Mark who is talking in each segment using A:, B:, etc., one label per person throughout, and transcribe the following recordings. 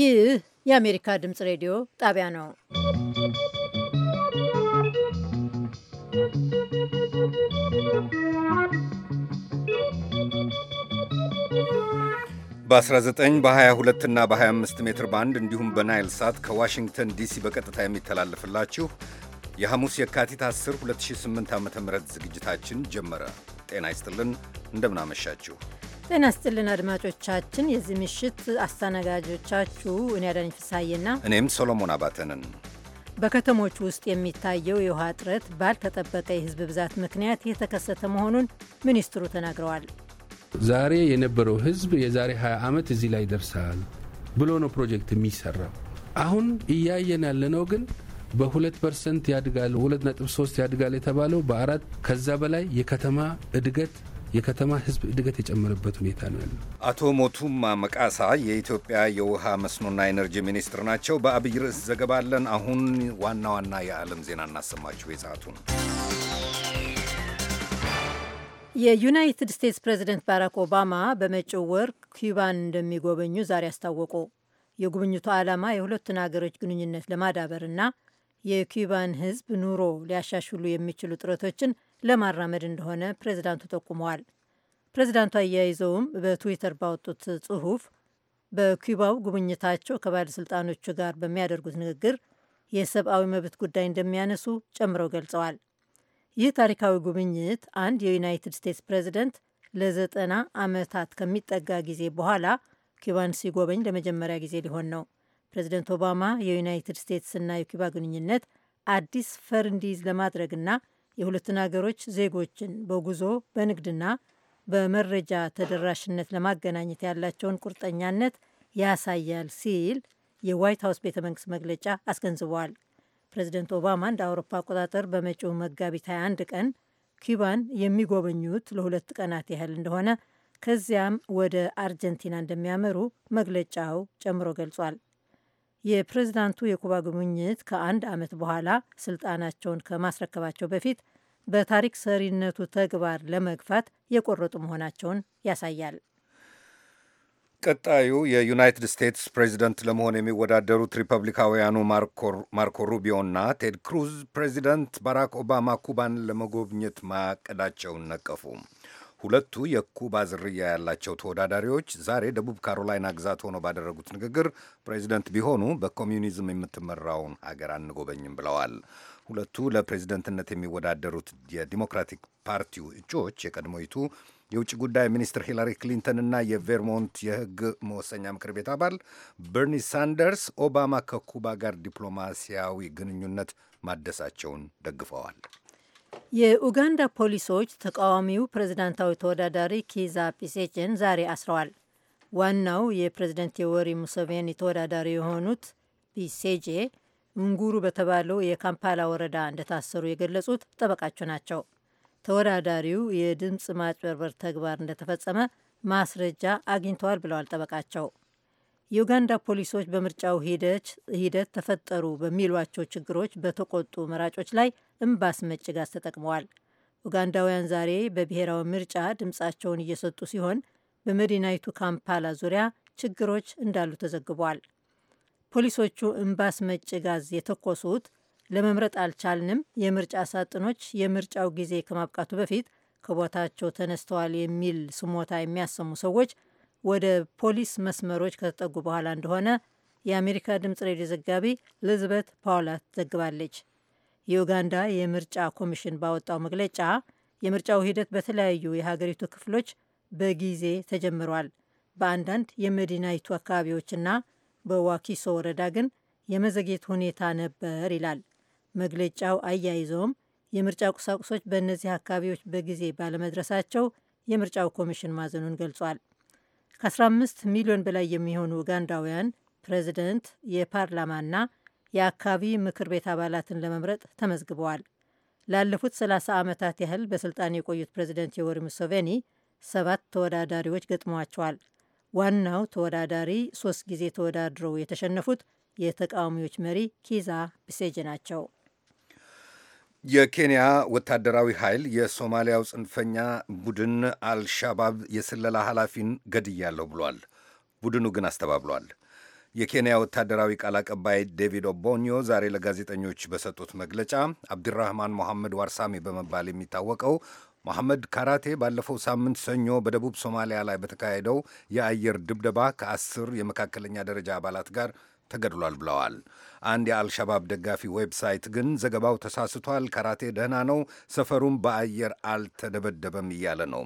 A: ይህ የአሜሪካ ድምፅ ሬዲዮ ጣቢያ ነው።
B: በ19 በ22 እና በ25 ሜትር ባንድ እንዲሁም በናይል ሳት ከዋሽንግተን ዲሲ በቀጥታ የሚተላለፍላችሁ የሐሙስ የካቲት 10 2008 ዓ ም ዝግጅታችን ጀመረ። ጤና ይስጥልን። እንደምናመሻችሁ
A: ጤና ስጥልን አድማጮቻችን። የዚህ ምሽት አስተናጋጆቻችሁ እኔ አዳኝ ፍሳዬና
B: እኔም ሶሎሞን አባተንን።
A: በከተሞች ውስጥ የሚታየው የውሃ እጥረት ባልተጠበቀ የህዝብ ብዛት ምክንያት የተከሰተ መሆኑን ሚኒስትሩ ተናግረዋል።
C: ዛሬ የነበረው ህዝብ የዛሬ 20 ዓመት እዚህ ላይ ደርሰሃል ብሎ ነው ፕሮጀክት የሚሰራው። አሁን እያየን ያለነው ግን በ2 ፐርሰንት ያድጋል፣ 2.3 ያድጋል የተባለው በአራት ከዛ በላይ የከተማ እድገት የከተማ ህዝብ እድገት የጨመረበት ሁኔታ ነው ያለው።
B: አቶ ሞቱማ መቃሳ የኢትዮጵያ የውሃ መስኖና ኤነርጂ ሚኒስትር ናቸው። በአብይ ርዕስ ዘገባ አለን። አሁን ዋና ዋና የዓለም ዜና እናሰማችሁ። ነው።
A: የዩናይትድ ስቴትስ ፕሬዚደንት ባራክ ኦባማ በመጪው ወር ኩባን እንደሚጎበኙ ዛሬ አስታወቁ። የጉብኝቱ ዓላማ የሁለቱን አገሮች ግንኙነት ለማዳበርና የኩባን ህዝብ ኑሮ ሊያሻሽሉ የሚችሉ ጥረቶችን ለማራመድ እንደሆነ ፕሬዚዳንቱ ጠቁመዋል። ፕሬዚዳንቱ አያይዘውም በትዊተር ባወጡት ጽሑፍ በኩባው ጉብኝታቸው ከባለሥልጣኖቹ ጋር በሚያደርጉት ንግግር የሰብአዊ መብት ጉዳይ እንደሚያነሱ ጨምረው ገልጸዋል። ይህ ታሪካዊ ጉብኝት አንድ የዩናይትድ ስቴትስ ፕሬዚደንት ለዘጠና ዓመታት ከሚጠጋ ጊዜ በኋላ ኩባን ሲጎበኝ ለመጀመሪያ ጊዜ ሊሆን ነው። ፕሬዚደንት ኦባማ የዩናይትድ ስቴትስና የኩባ ግንኙነት አዲስ ፈር እንዲይዝ ለማድረግና የሁለቱን ሀገሮች ዜጎችን በጉዞ በንግድና በመረጃ ተደራሽነት ለማገናኘት ያላቸውን ቁርጠኛነት ያሳያል ሲል የዋይት ሀውስ ቤተ መንግስት መግለጫ አስገንዝበዋል። ፕሬዚደንት ኦባማ እንደ አውሮፓ አቆጣጠር በመጪው መጋቢት 21 ቀን ኪባን የሚጎበኙት ለሁለት ቀናት ያህል እንደሆነ ከዚያም ወደ አርጀንቲና እንደሚያመሩ መግለጫው ጨምሮ ገልጿል። የፕሬዝዳንቱ የኩባ ጉብኝት ከአንድ ዓመት በኋላ ስልጣናቸውን ከማስረከባቸው በፊት በታሪክ ሰሪነቱ ተግባር ለመግፋት የቆረጡ መሆናቸውን ያሳያል።
B: ቀጣዩ የዩናይትድ ስቴትስ ፕሬዚደንት ለመሆን የሚወዳደሩት ሪፐብሊካውያኑ ማርኮ ሩቢዮና ቴድ ክሩዝ ፕሬዚደንት ባራክ ኦባማ ኩባን ለመጎብኘት ማቀዳቸውን ነቀፉ። ሁለቱ የኩባ ዝርያ ያላቸው ተወዳዳሪዎች ዛሬ ደቡብ ካሮላይና ግዛት ሆኖ ባደረጉት ንግግር ፕሬዚደንት ቢሆኑ በኮሚዩኒዝም የምትመራውን ሀገር አንጎበኝም ብለዋል። ሁለቱ ለፕሬዚደንትነት የሚወዳደሩት የዲሞክራቲክ ፓርቲው እጩዎች የቀድሞይቱ የውጭ ጉዳይ ሚኒስትር ሂላሪ ክሊንተንና የቬርሞንት የሕግ መወሰኛ ምክር ቤት አባል በርኒ ሳንደርስ ኦባማ ከኩባ ጋር ዲፕሎማሲያዊ ግንኙነት ማደሳቸውን ደግፈዋል።
A: የኡጋንዳ ፖሊሶች ተቃዋሚው ፕሬዝዳንታዊ ተወዳዳሪ ኪዛ ፒሴቼን ዛሬ አስረዋል። ዋናው የፕሬዝደንት የወሪ ሙሰቬኒ ተወዳዳሪ የሆኑት ፒሴጄ እንጉሩ በተባለው የካምፓላ ወረዳ እንደታሰሩ የገለጹት ጠበቃቸው ናቸው። ተወዳዳሪው የድምፅ ማጭበርበር ተግባር እንደተፈጸመ ማስረጃ አግኝተዋል ብለዋል ጠበቃቸው። የኡጋንዳ ፖሊሶች በምርጫው ሂደት ተፈጠሩ በሚሏቸው ችግሮች በተቆጡ መራጮች ላይ እምባስ መጭ ጋዝ ተጠቅመዋል። ኡጋንዳውያን ዛሬ በብሔራዊ ምርጫ ድምፃቸውን እየሰጡ ሲሆን በመዲናይቱ ካምፓላ ዙሪያ ችግሮች እንዳሉ ተዘግቧል። ፖሊሶቹ እምባስ አስመጪ ጋዝ የተኮሱት ለመምረጥ አልቻልንም፣ የምርጫ ሳጥኖች የምርጫው ጊዜ ከማብቃቱ በፊት ከቦታቸው ተነስተዋል የሚል ስሞታ የሚያሰሙ ሰዎች ወደ ፖሊስ መስመሮች ከተጠጉ በኋላ እንደሆነ የአሜሪካ ድምፅ ሬዲዮ ዘጋቢ ልዝበት ፓውላት ዘግባለች። የኡጋንዳ የምርጫ ኮሚሽን ባወጣው መግለጫ የምርጫው ሂደት በተለያዩ የሀገሪቱ ክፍሎች በጊዜ ተጀምሯል። በአንዳንድ የመዲናይቱ አካባቢዎችና በዋኪሶ ወረዳ ግን የመዘግየት ሁኔታ ነበር ይላል መግለጫው። አያይዘውም የምርጫ ቁሳቁሶች በእነዚህ አካባቢዎች በጊዜ ባለመድረሳቸው የምርጫው ኮሚሽን ማዘኑን ገልጿል። ከ15 ሚሊዮን በላይ የሚሆኑ ኡጋንዳውያን ፕሬዚደንት፣ የፓርላማና የአካባቢ ምክር ቤት አባላትን ለመምረጥ ተመዝግበዋል። ላለፉት 30 ዓመታት ያህል በስልጣን የቆዩት ፕሬዚደንት ዮወሪ ሙሶቬኒ ሰባት ተወዳዳሪዎች ገጥመዋቸዋል። ዋናው ተወዳዳሪ ሶስት ጊዜ ተወዳድረው የተሸነፉት የተቃዋሚዎች መሪ ኪዛ ብሴጄ ናቸው።
B: የኬንያ ወታደራዊ ኃይል የሶማሊያው ጽንፈኛ ቡድን አልሻባብ የስለላ ኃላፊን ገድያለሁ ብሏል። ቡድኑ ግን አስተባብሏል። የኬንያ ወታደራዊ ቃል አቀባይ ዴቪድ ኦቦኒዮ ዛሬ ለጋዜጠኞች በሰጡት መግለጫ አብዲራህማን ሞሐመድ ዋርሳሚ በመባል የሚታወቀው መሐመድ ካራቴ ባለፈው ሳምንት ሰኞ በደቡብ ሶማሊያ ላይ በተካሄደው የአየር ድብደባ ከአስር የመካከለኛ ደረጃ አባላት ጋር ተገድሏል ብለዋል። አንድ የአልሸባብ ደጋፊ ዌብሳይት ግን ዘገባው ተሳስቷል፣ ካራቴ ደህና ነው፣ ሰፈሩም በአየር አልተደበደበም እያለ ነው።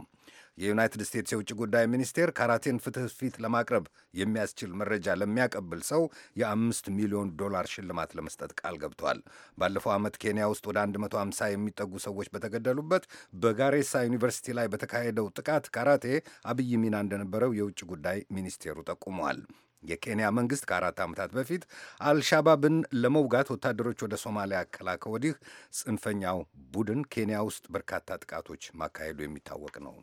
B: የዩናይትድ ስቴትስ የውጭ ጉዳይ ሚኒስቴር ካራቴን ፍትህ ፊት ለማቅረብ የሚያስችል መረጃ ለሚያቀብል ሰው የአምስት ሚሊዮን ዶላር ሽልማት ለመስጠት ቃል ገብቷል። ባለፈው ዓመት ኬንያ ውስጥ ወደ 150 የሚጠጉ ሰዎች በተገደሉበት በጋሬሳ ዩኒቨርሲቲ ላይ በተካሄደው ጥቃት ካራቴ አብይ ሚና እንደነበረው የውጭ ጉዳይ ሚኒስቴሩ ጠቁመዋል። የኬንያ መንግስት ከአራት ዓመታት በፊት አልሻባብን ለመውጋት ወታደሮች ወደ ሶማሊያ ከላከ ወዲህ ጽንፈኛው ቡድን ኬንያ ውስጥ በርካታ ጥቃቶች ማካሄዱ የሚታወቅ ነው።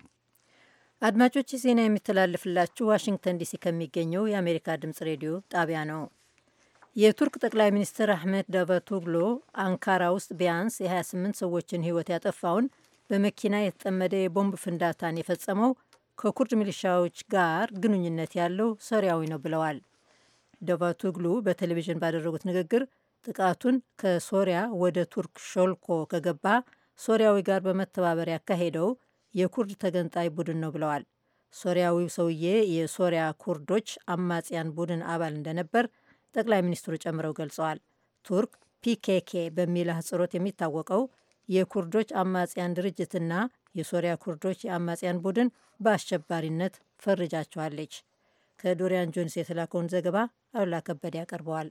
A: አድማጮች ዜና የሚተላለፍላችሁ ዋሽንግተን ዲሲ ከሚገኘው የአሜሪካ ድምጽ ሬዲዮ ጣቢያ ነው። የቱርክ ጠቅላይ ሚኒስትር አህመድ ደቨቱግሎ አንካራ ውስጥ ቢያንስ የ28 ሰዎችን ሕይወት ያጠፋውን በመኪና የተጠመደ የቦምብ ፍንዳታን የፈጸመው ከኩርድ ሚሊሻዎች ጋር ግንኙነት ያለው ሶሪያዊ ነው ብለዋል። ዳቫቶግሉ በቴሌቪዥን ባደረጉት ንግግር ጥቃቱን ከሶሪያ ወደ ቱርክ ሾልኮ ከገባ ሶሪያዊ ጋር በመተባበር ያካሄደው የኩርድ ተገንጣይ ቡድን ነው ብለዋል። ሶሪያዊው ሰውዬ የሶሪያ ኩርዶች አማጽያን ቡድን አባል እንደነበር ጠቅላይ ሚኒስትሩ ጨምረው ገልጸዋል። ቱርክ ፒኬኬ በሚል አህጽሮት የሚታወቀው የኩርዶች አማጽያን ድርጅትና የሶሪያ ኩርዶች የአማጽያን ቡድን በአሸባሪነት ፈርጃቸዋለች። ከዶሪያን ጆንስ የተላከውን ዘገባ አሉላ ከበደ ያቀርበዋል።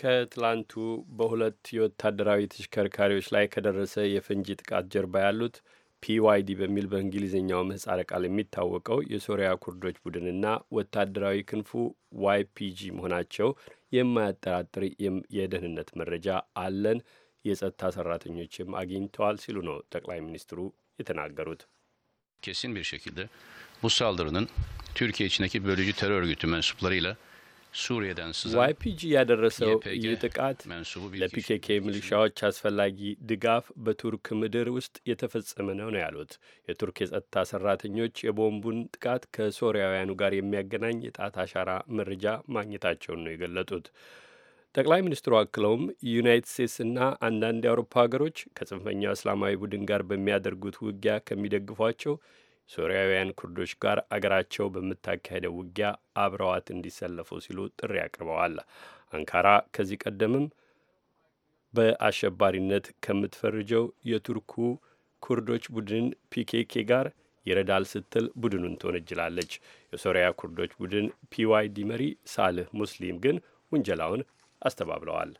D: ከትላንቱ በሁለት የወታደራዊ ተሽከርካሪዎች ላይ ከደረሰ የፈንጂ ጥቃት ጀርባ ያሉት ፒዋይዲ በሚል በእንግሊዝኛው ምህጻረ ቃል የሚታወቀው የሶሪያ ኩርዶች ቡድንና ወታደራዊ ክንፉ ዋይፒጂ መሆናቸው የማያጠራጥር የደህንነት መረጃ አለን፣ የጸጥታ ሰራተኞችም አግኝተዋል ሲሉ ነው ጠቅላይ ሚኒስትሩ የተናገሩት። kesin bir şekilde bu saldırının Türkiye içindeki bölücü terör örgütü mensuplarıyla ዋይፒጂ ያደረሰው ይህ ጥቃት ለፒኬኬ ሚሊሻዎች አስፈላጊ ድጋፍ በቱርክ ምድር ውስጥ የተፈጸመ ነው ነው ያሉት የቱርክ የጸጥታ ሰራተኞች የቦምቡን ጥቃት ከሶሪያውያኑ ጋር የሚያገናኝ የጣት አሻራ መረጃ ማግኘታቸውን ነው የገለጡት። ጠቅላይ ሚኒስትሩ አክለውም ዩናይትድ ስቴትስና አንዳንድ የአውሮፓ ሀገሮች ከጽንፈኛው እስላማዊ ቡድን ጋር በሚያደርጉት ውጊያ ከሚደግፏቸው ሶሪያውያን ኩርዶች ጋር አገራቸው በምታካሄደው ውጊያ አብረዋት እንዲሰለፉ ሲሉ ጥሪ አቅርበዋል። አንካራ ከዚህ ቀደምም በአሸባሪነት ከምትፈርጀው የቱርኩ ኩርዶች ቡድን ፒኬኬ ጋር ይረዳል ስትል ቡድኑን ትወነጅላለች። የሶሪያ ኩርዶች ቡድን ፒዋይዲ መሪ ሳልህ ሙስሊም ግን ውንጀላውን አስተባብለዋል።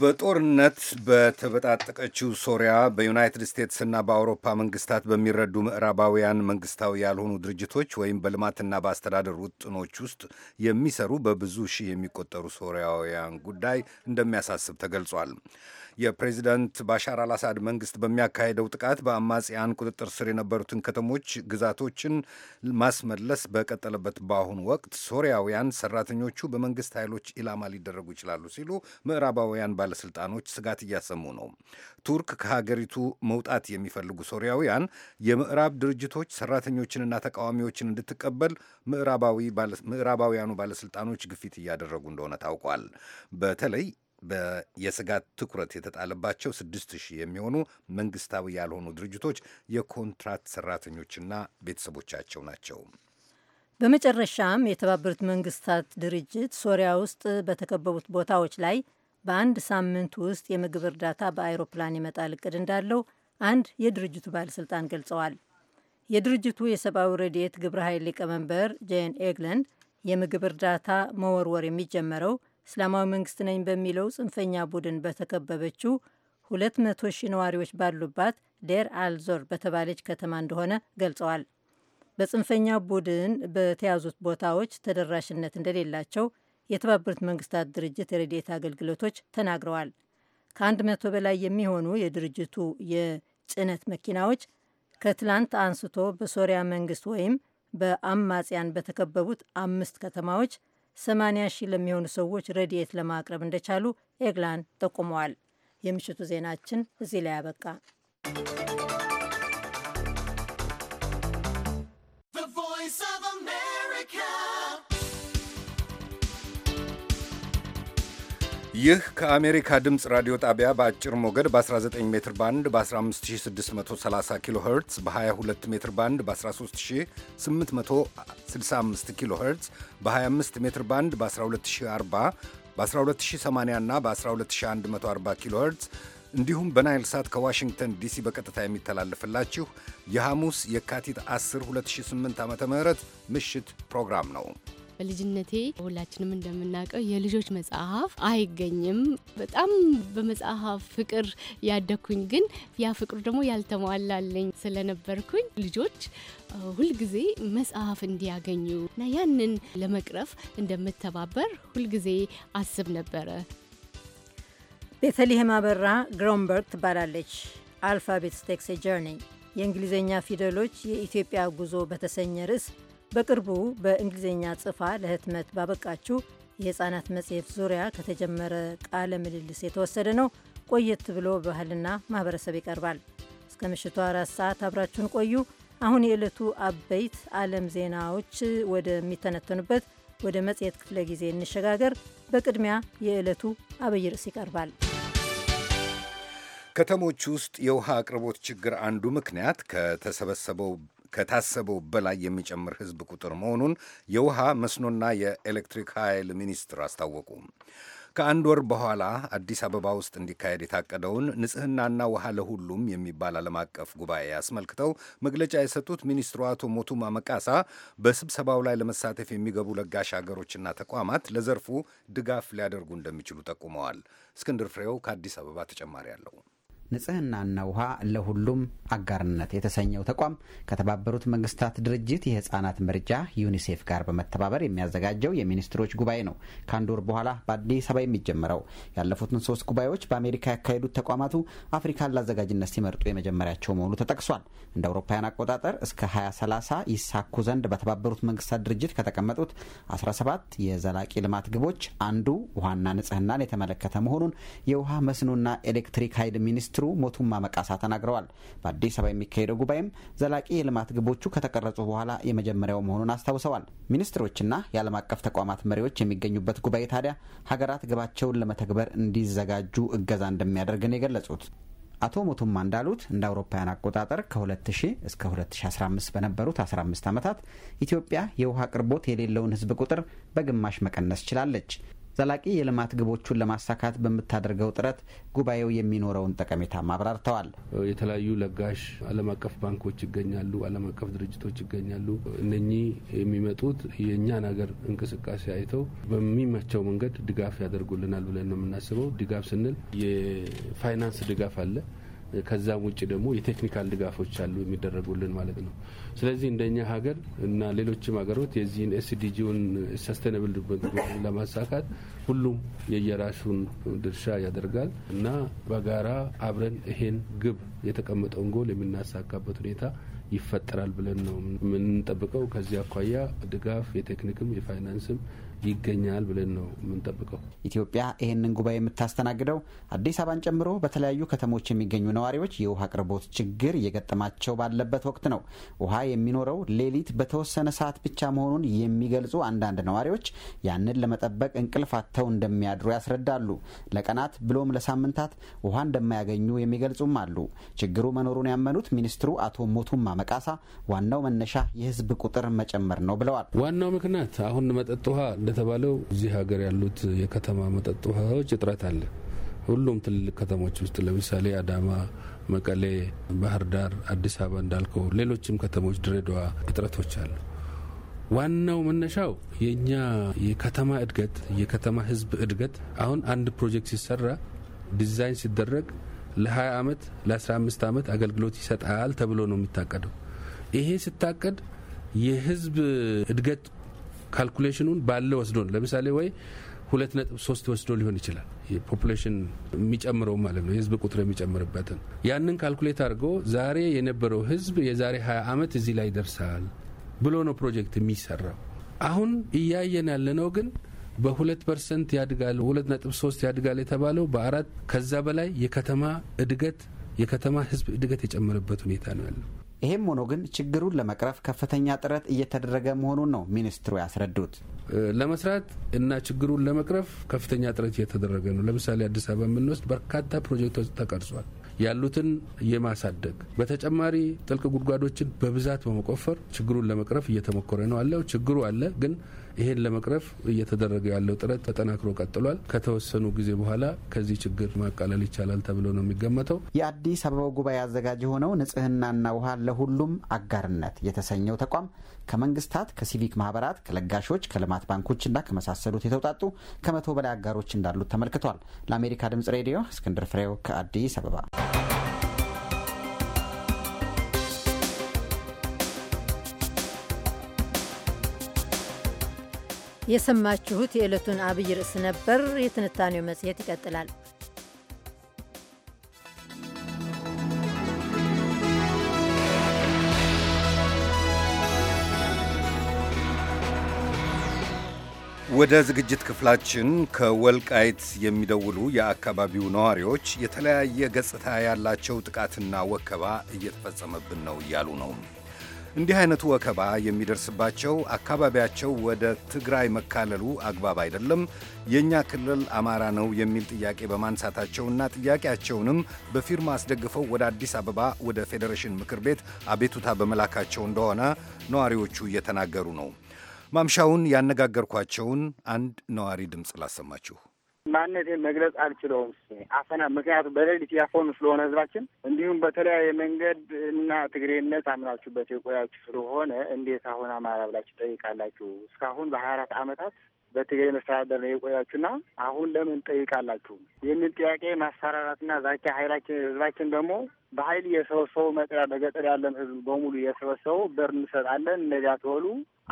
B: በጦርነት በተበጣጠቀችው ሶሪያ በዩናይትድ ስቴትስና በአውሮፓ መንግስታት በሚረዱ ምዕራባውያን መንግስታዊ ያልሆኑ ድርጅቶች ወይም በልማትና በአስተዳደር ውጥኖች ውስጥ የሚሰሩ በብዙ ሺህ የሚቆጠሩ ሶሪያውያን ጉዳይ እንደሚያሳስብ ተገልጿል። የፕሬዚዳንት ባሻር አልአሳድ መንግስት በሚያካሄደው ጥቃት በአማጽያን ቁጥጥር ስር የነበሩትን ከተሞች፣ ግዛቶችን ማስመለስ በቀጠለበት በአሁኑ ወቅት ሶሪያውያን ሰራተኞቹ በመንግስት ኃይሎች ኢላማ ሊደረጉ ይችላሉ ሲሉ ምዕራባውያን ባለስልጣኖች ስጋት እያሰሙ ነው። ቱርክ ከሀገሪቱ መውጣት የሚፈልጉ ሶሪያውያን የምዕራብ ድርጅቶች ሰራተኞችንና ተቃዋሚዎችን እንድትቀበል ምዕራባዊ ምዕራባውያኑ ባለስልጣኖች ግፊት እያደረጉ እንደሆነ ታውቋል። በተለይ የስጋት ትኩረት የተጣለባቸው ስድስት ሺህ የሚሆኑ መንግስታዊ ያልሆኑ ድርጅቶች የኮንትራት ሰራተኞችና ቤተሰቦቻቸው ናቸው።
A: በመጨረሻም የተባበሩት መንግስታት ድርጅት ሶሪያ ውስጥ በተከበቡት ቦታዎች ላይ በአንድ ሳምንት ውስጥ የምግብ እርዳታ በአይሮፕላን ይመጣል እቅድ እንዳለው አንድ የድርጅቱ ባለስልጣን ገልጸዋል። የድርጅቱ የሰብአዊ ረድኤት ግብረ ኃይል ሊቀመንበር ጄን ኤግለንድ የምግብ እርዳታ መወርወር የሚጀመረው እስላማዊ መንግስት ነኝ በሚለው ጽንፈኛ ቡድን በተከበበችው 200 ሺህ ነዋሪዎች ባሉባት ዴር አልዞር በተባለች ከተማ እንደሆነ ገልጸዋል። በጽንፈኛ ቡድን በተያዙት ቦታዎች ተደራሽነት እንደሌላቸው የተባበሩት መንግስታት ድርጅት የረድኤት አገልግሎቶች ተናግረዋል። ከአንድ መቶ በላይ የሚሆኑ የድርጅቱ የጭነት መኪናዎች ከትላንት አንስቶ በሶሪያ መንግስት ወይም በአማጽያን በተከበቡት አምስት ከተማዎች 80 ሺህ ለሚሆኑ ሰዎች ረድኤት ለማቅረብ እንደቻሉ ኤግላን ጠቁመዋል። የምሽቱ ዜናችን እዚህ ላይ አበቃ?
B: ይህ ከአሜሪካ ድምፅ ራዲዮ ጣቢያ በአጭር ሞገድ በ19 ሜትር ባንድ በ15630 ኪሎ ኸርትዝ በ22 ሜትር ባንድ በ13865 ኪሎ ኸርትዝ በ25 ሜትር ባንድ በ 1240 በ 1280 እና በ12140 ኪሎ ኸርትዝ እንዲሁም በናይል ሳት ከዋሽንግተን ዲሲ በቀጥታ የሚተላለፍላችሁ የሐሙስ የካቲት 10 2008 ዓ ም ምሽት ፕሮግራም ነው።
E: በልጅነቴ ሁላችንም እንደምናውቀው የልጆች መጽሐፍ አይገኝም። በጣም በመጽሐፍ ፍቅር ያደግኩኝ ግን ያ ፍቅሩ ደግሞ ያልተሟላለኝ ስለነበርኩኝ ልጆች ሁልጊዜ መጽሐፍ እንዲያገኙ እና
A: ያንን ለመቅረፍ እንደምተባበር ሁልጊዜ አስብ ነበረ። ቤተልሔም አበራ ግሮንበርግ ትባላለች። አልፋቤት ስቴክስ ጀርኒ የእንግሊዝኛ ፊደሎች የኢትዮጵያ ጉዞ በተሰኘ ርዕስ በቅርቡ በእንግሊዝኛ ጽፋ ለህትመት ባበቃችው የህፃናት መጽሔት ዙሪያ ከተጀመረ ቃለ ምልልስ የተወሰደ ነው። ቆየት ብሎ ባህልና ማህበረሰብ ይቀርባል። እስከ ምሽቱ አራት ሰዓት አብራችሁን ቆዩ። አሁን የዕለቱ አበይት ዓለም ዜናዎች ወደሚተነተኑበት ወደ መጽሔት ክፍለ ጊዜ እንሸጋገር። በቅድሚያ የዕለቱ አብይ ርዕስ ይቀርባል።
B: ከተሞች ውስጥ የውሃ አቅርቦት ችግር አንዱ ምክንያት ከተሰበሰበው ከታሰበው በላይ የሚጨምር ህዝብ ቁጥር መሆኑን የውሃ መስኖና የኤሌክትሪክ ኃይል ሚኒስትር አስታወቁ። ከአንድ ወር በኋላ አዲስ አበባ ውስጥ እንዲካሄድ የታቀደውን ንጽህናና ውሃ ለሁሉም የሚባል ዓለም አቀፍ ጉባኤ አስመልክተው መግለጫ የሰጡት ሚኒስትሩ አቶ ሞቱማ መቃሳ በስብሰባው ላይ ለመሳተፍ የሚገቡ ለጋሽ ሀገሮችና ተቋማት ለዘርፉ ድጋፍ ሊያደርጉ እንደሚችሉ ጠቁመዋል። እስክንድር ፍሬው ከአዲስ አበባ ተጨማሪ አለው።
F: ንጽህናና ውሃ ለሁሉም አጋርነት የተሰኘው ተቋም ከተባበሩት መንግስታት ድርጅት የህፃናት መርጃ ዩኒሴፍ ጋር በመተባበር የሚያዘጋጀው የሚኒስትሮች ጉባኤ ነው ከአንድ ወር በኋላ በአዲስ አበባ የሚጀመረው። ያለፉትን ሶስት ጉባኤዎች በአሜሪካ ያካሄዱት ተቋማቱ አፍሪካን ለአዘጋጅነት ሲመርጡ የመጀመሪያቸው መሆኑ ተጠቅሷል። እንደ አውሮፓውያን አቆጣጠር እስከ 2030 ይሳኩ ዘንድ በተባበሩት መንግስታት ድርጅት ከተቀመጡት 17 የዘላቂ ልማት ግቦች አንዱ ውሃና ንጽህናን የተመለከተ መሆኑን የውሃ መስኖና ኤሌክትሪክ ኃይል ሚኒስትሩ ሚኒስትሩ ሞቱማ መቃሳ ተናግረዋል። በአዲስ አበባ የሚካሄደው ጉባኤም ዘላቂ የልማት ግቦቹ ከተቀረጹ በኋላ የመጀመሪያው መሆኑን አስታውሰዋል። ሚኒስትሮችና የዓለም አቀፍ ተቋማት መሪዎች የሚገኙበት ጉባኤ ታዲያ ሀገራት ግባቸውን ለመተግበር እንዲዘጋጁ እገዛ እንደሚያደርግ ነው የገለጹት። አቶ ሞቱማ እንዳሉት እንደ አውሮፓውያን አቆጣጠር ከ2000 እስከ 2015 በነበሩት 15 ዓመታት ኢትዮጵያ የውሃ አቅርቦት የሌለውን ሕዝብ ቁጥር በግማሽ መቀነስ ችላለች። ዘላቂ የልማት ግቦቹን ለማሳካት
C: በምታደርገው ጥረት ጉባኤው የሚኖረውን ጠቀሜታም አብራርተዋል። የተለያዩ ለጋሽ ዓለም አቀፍ ባንኮች ይገኛሉ፣ ዓለም አቀፍ ድርጅቶች ይገኛሉ። እነኚህ የሚመጡት የእኛን ሀገር እንቅስቃሴ አይተው በሚመቸው መንገድ ድጋፍ ያደርጉልናል ብለን ነው የምናስበው። ድጋፍ ስንል የፋይናንስ ድጋፍ አለ ከዛም ውጭ ደግሞ የቴክኒካል ድጋፎች አሉ የሚደረጉልን ማለት ነው። ስለዚህ እንደኛ ሀገር እና ሌሎችም ሀገሮች የዚህን ኤስዲጂውን ሰስቴናብል ለማሳካት ሁሉም የየራሱን ድርሻ ያደርጋል እና በጋራ አብረን ይሄን ግብ የተቀመጠውን ጎል የምናሳካበት ሁኔታ ይፈጠራል ብለን ነው የምንጠብቀው። ከዚህ አኳያ ድጋፍ የቴክኒክም የፋይናንስም ይገኛል ብለን ነው የምንጠብቀው። ኢትዮጵያ ይህንን ጉባኤ
F: የምታስተናግደው አዲስ አበባን ጨምሮ በተለያዩ ከተሞች የሚገኙ ነዋሪዎች የውሃ አቅርቦት ችግር እየገጠማቸው ባለበት ወቅት ነው። ውሃ የሚኖረው ሌሊት በተወሰነ ሰዓት ብቻ መሆኑን የሚገልጹ አንዳንድ ነዋሪዎች ያንን ለመጠበቅ እንቅልፍ አጥተው እንደሚያድሩ ያስረዳሉ። ለቀናት ብሎም ለሳምንታት ውሃ እንደማያገኙ የሚገልጹም አሉ። ችግሩ መኖሩን ያመኑት ሚኒስትሩ አቶ ሞቱማ መቃሳ ዋናው መነሻ የህዝብ ቁጥር መጨመር ነው ብለዋል።
C: ዋናው ምክንያት አሁን መጠጥ ውሃ እንደተባለው እዚህ ሀገር ያሉት የከተማ መጠጥ ውሃዎች እጥረት አለ። ሁሉም ትልልቅ ከተሞች ውስጥ ለምሳሌ አዳማ፣ መቀሌ፣ ባህር ዳር፣ አዲስ አበባ እንዳልከው ሌሎችም ከተሞች ድሬዳዋ እጥረቶች አሉ። ዋናው መነሻው የእኛ የከተማ እድገት የከተማ ህዝብ እድገት አሁን አንድ ፕሮጀክት ሲሰራ ዲዛይን ሲደረግ ለ20 ዓመት ለ15 ዓመት አገልግሎት ይሰጣል ተብሎ ነው የሚታቀደው። ይሄ ስታቀድ የህዝብ እድገት ካልኩሌሽኑን ባለ ወስዶ ነው። ለምሳሌ ወይ ሁለት ነጥብ ሶስት ወስዶ ሊሆን ይችላል የፖፑሌሽን የሚጨምረው ማለት ነው የህዝብ ቁጥር የሚጨምርበትን ያንን ካልኩሌት አድርጎ ዛሬ የነበረው ህዝብ የዛሬ 20 ዓመት እዚህ ላይ ይደርሳል ብሎ ነው ፕሮጀክት የሚሰራው። አሁን እያየን ያለነው ግን በሁለት ፐርሰንት ያድጋል ሁለት ነጥብ ሶስት ያድጋል የተባለው በአራት ከዛ በላይ የከተማ እድገት የከተማ ህዝብ እድገት የጨመረበት ሁኔታ ነው ያለው። ይሄም ሆኖ ግን ችግሩን ለመቅረፍ ከፍተኛ ጥረት እየተደረገ መሆኑን ነው ሚኒስትሩ ያስረዱት። ለመስራት እና ችግሩን ለመቅረፍ ከፍተኛ ጥረት እየተደረገ ነው። ለምሳሌ አዲስ አበባ የምንወስድ በርካታ ፕሮጀክቶች ተቀርጿል። ያሉትን የማሳደግ በተጨማሪ ጥልቅ ጉድጓዶችን በብዛት በመቆፈር ችግሩን ለመቅረፍ እየተሞከረ ነው አለው። ችግሩ አለ ግን ይሄን ለመቅረፍ እየተደረገ ያለው ጥረት ተጠናክሮ ቀጥሏል። ከተወሰኑ ጊዜ በኋላ ከዚህ ችግር ማቃለል ይቻላል ተብሎ ነው የሚገመተው።
F: የአዲስ አበባው ጉባኤ አዘጋጅ የሆነው ንጽህናና ውሃ ለሁሉም አጋርነት የተሰኘው ተቋም ከመንግስታት፣ ከሲቪክ ማህበራት፣ ከለጋሾች፣ ከልማት ባንኮችና ከመሳሰሉት የተውጣጡ ከመቶ በላይ አጋሮች እንዳሉት ተመልክቷል። ለአሜሪካ ድምጽ ሬዲዮ እስክንድር ፍሬው ከአዲስ አበባ
A: የሰማችሁት የዕለቱን አብይ ርዕስ ነበር። የትንታኔው መጽሔት ይቀጥላል።
B: ወደ ዝግጅት ክፍላችን ከወልቃይት የሚደውሉ የአካባቢው ነዋሪዎች የተለያየ ገጽታ ያላቸው ጥቃትና ወከባ እየተፈጸመብን ነው እያሉ ነው። እንዲህ አይነቱ ወከባ የሚደርስባቸው አካባቢያቸው ወደ ትግራይ መካለሉ አግባብ አይደለም፣ የእኛ ክልል አማራ ነው የሚል ጥያቄ በማንሳታቸውና ጥያቄያቸውንም በፊርማ አስደግፈው ወደ አዲስ አበባ ወደ ፌዴሬሽን ምክር ቤት አቤቱታ በመላካቸው እንደሆነ ነዋሪዎቹ እየተናገሩ ነው። ማምሻውን ያነጋገርኳቸውን አንድ ነዋሪ ድምፅ ላሰማችሁ።
G: ማንነቴን መግለጽ አልችለውም። አፈና ምክንያቱ በሌሊት ያፈኑ ስለሆነ ህዝባችን፣ እንዲሁም በተለያየ መንገድ እና ትግሬነት አምናችሁበት የቆያችሁ ስለሆነ እንዴት አሁን አማራ ብላችሁ ጠይቃላችሁ? እስካሁን በሀያ አራት አመታት በትግሬ መስተዳደር ነው የቆያችሁና አሁን ለምን ጠይቃላችሁ ይህንን ጥያቄ ማስፈራራትና ዛቻ ሀይላችን ህዝባችን ደግሞ በሀይል እየሰበሰቡ መጠሪያ በገጠር ያለን ህዝብ በሙሉ እየሰበሰቡ ብር እንሰጣለን እነዚያ ተወሉ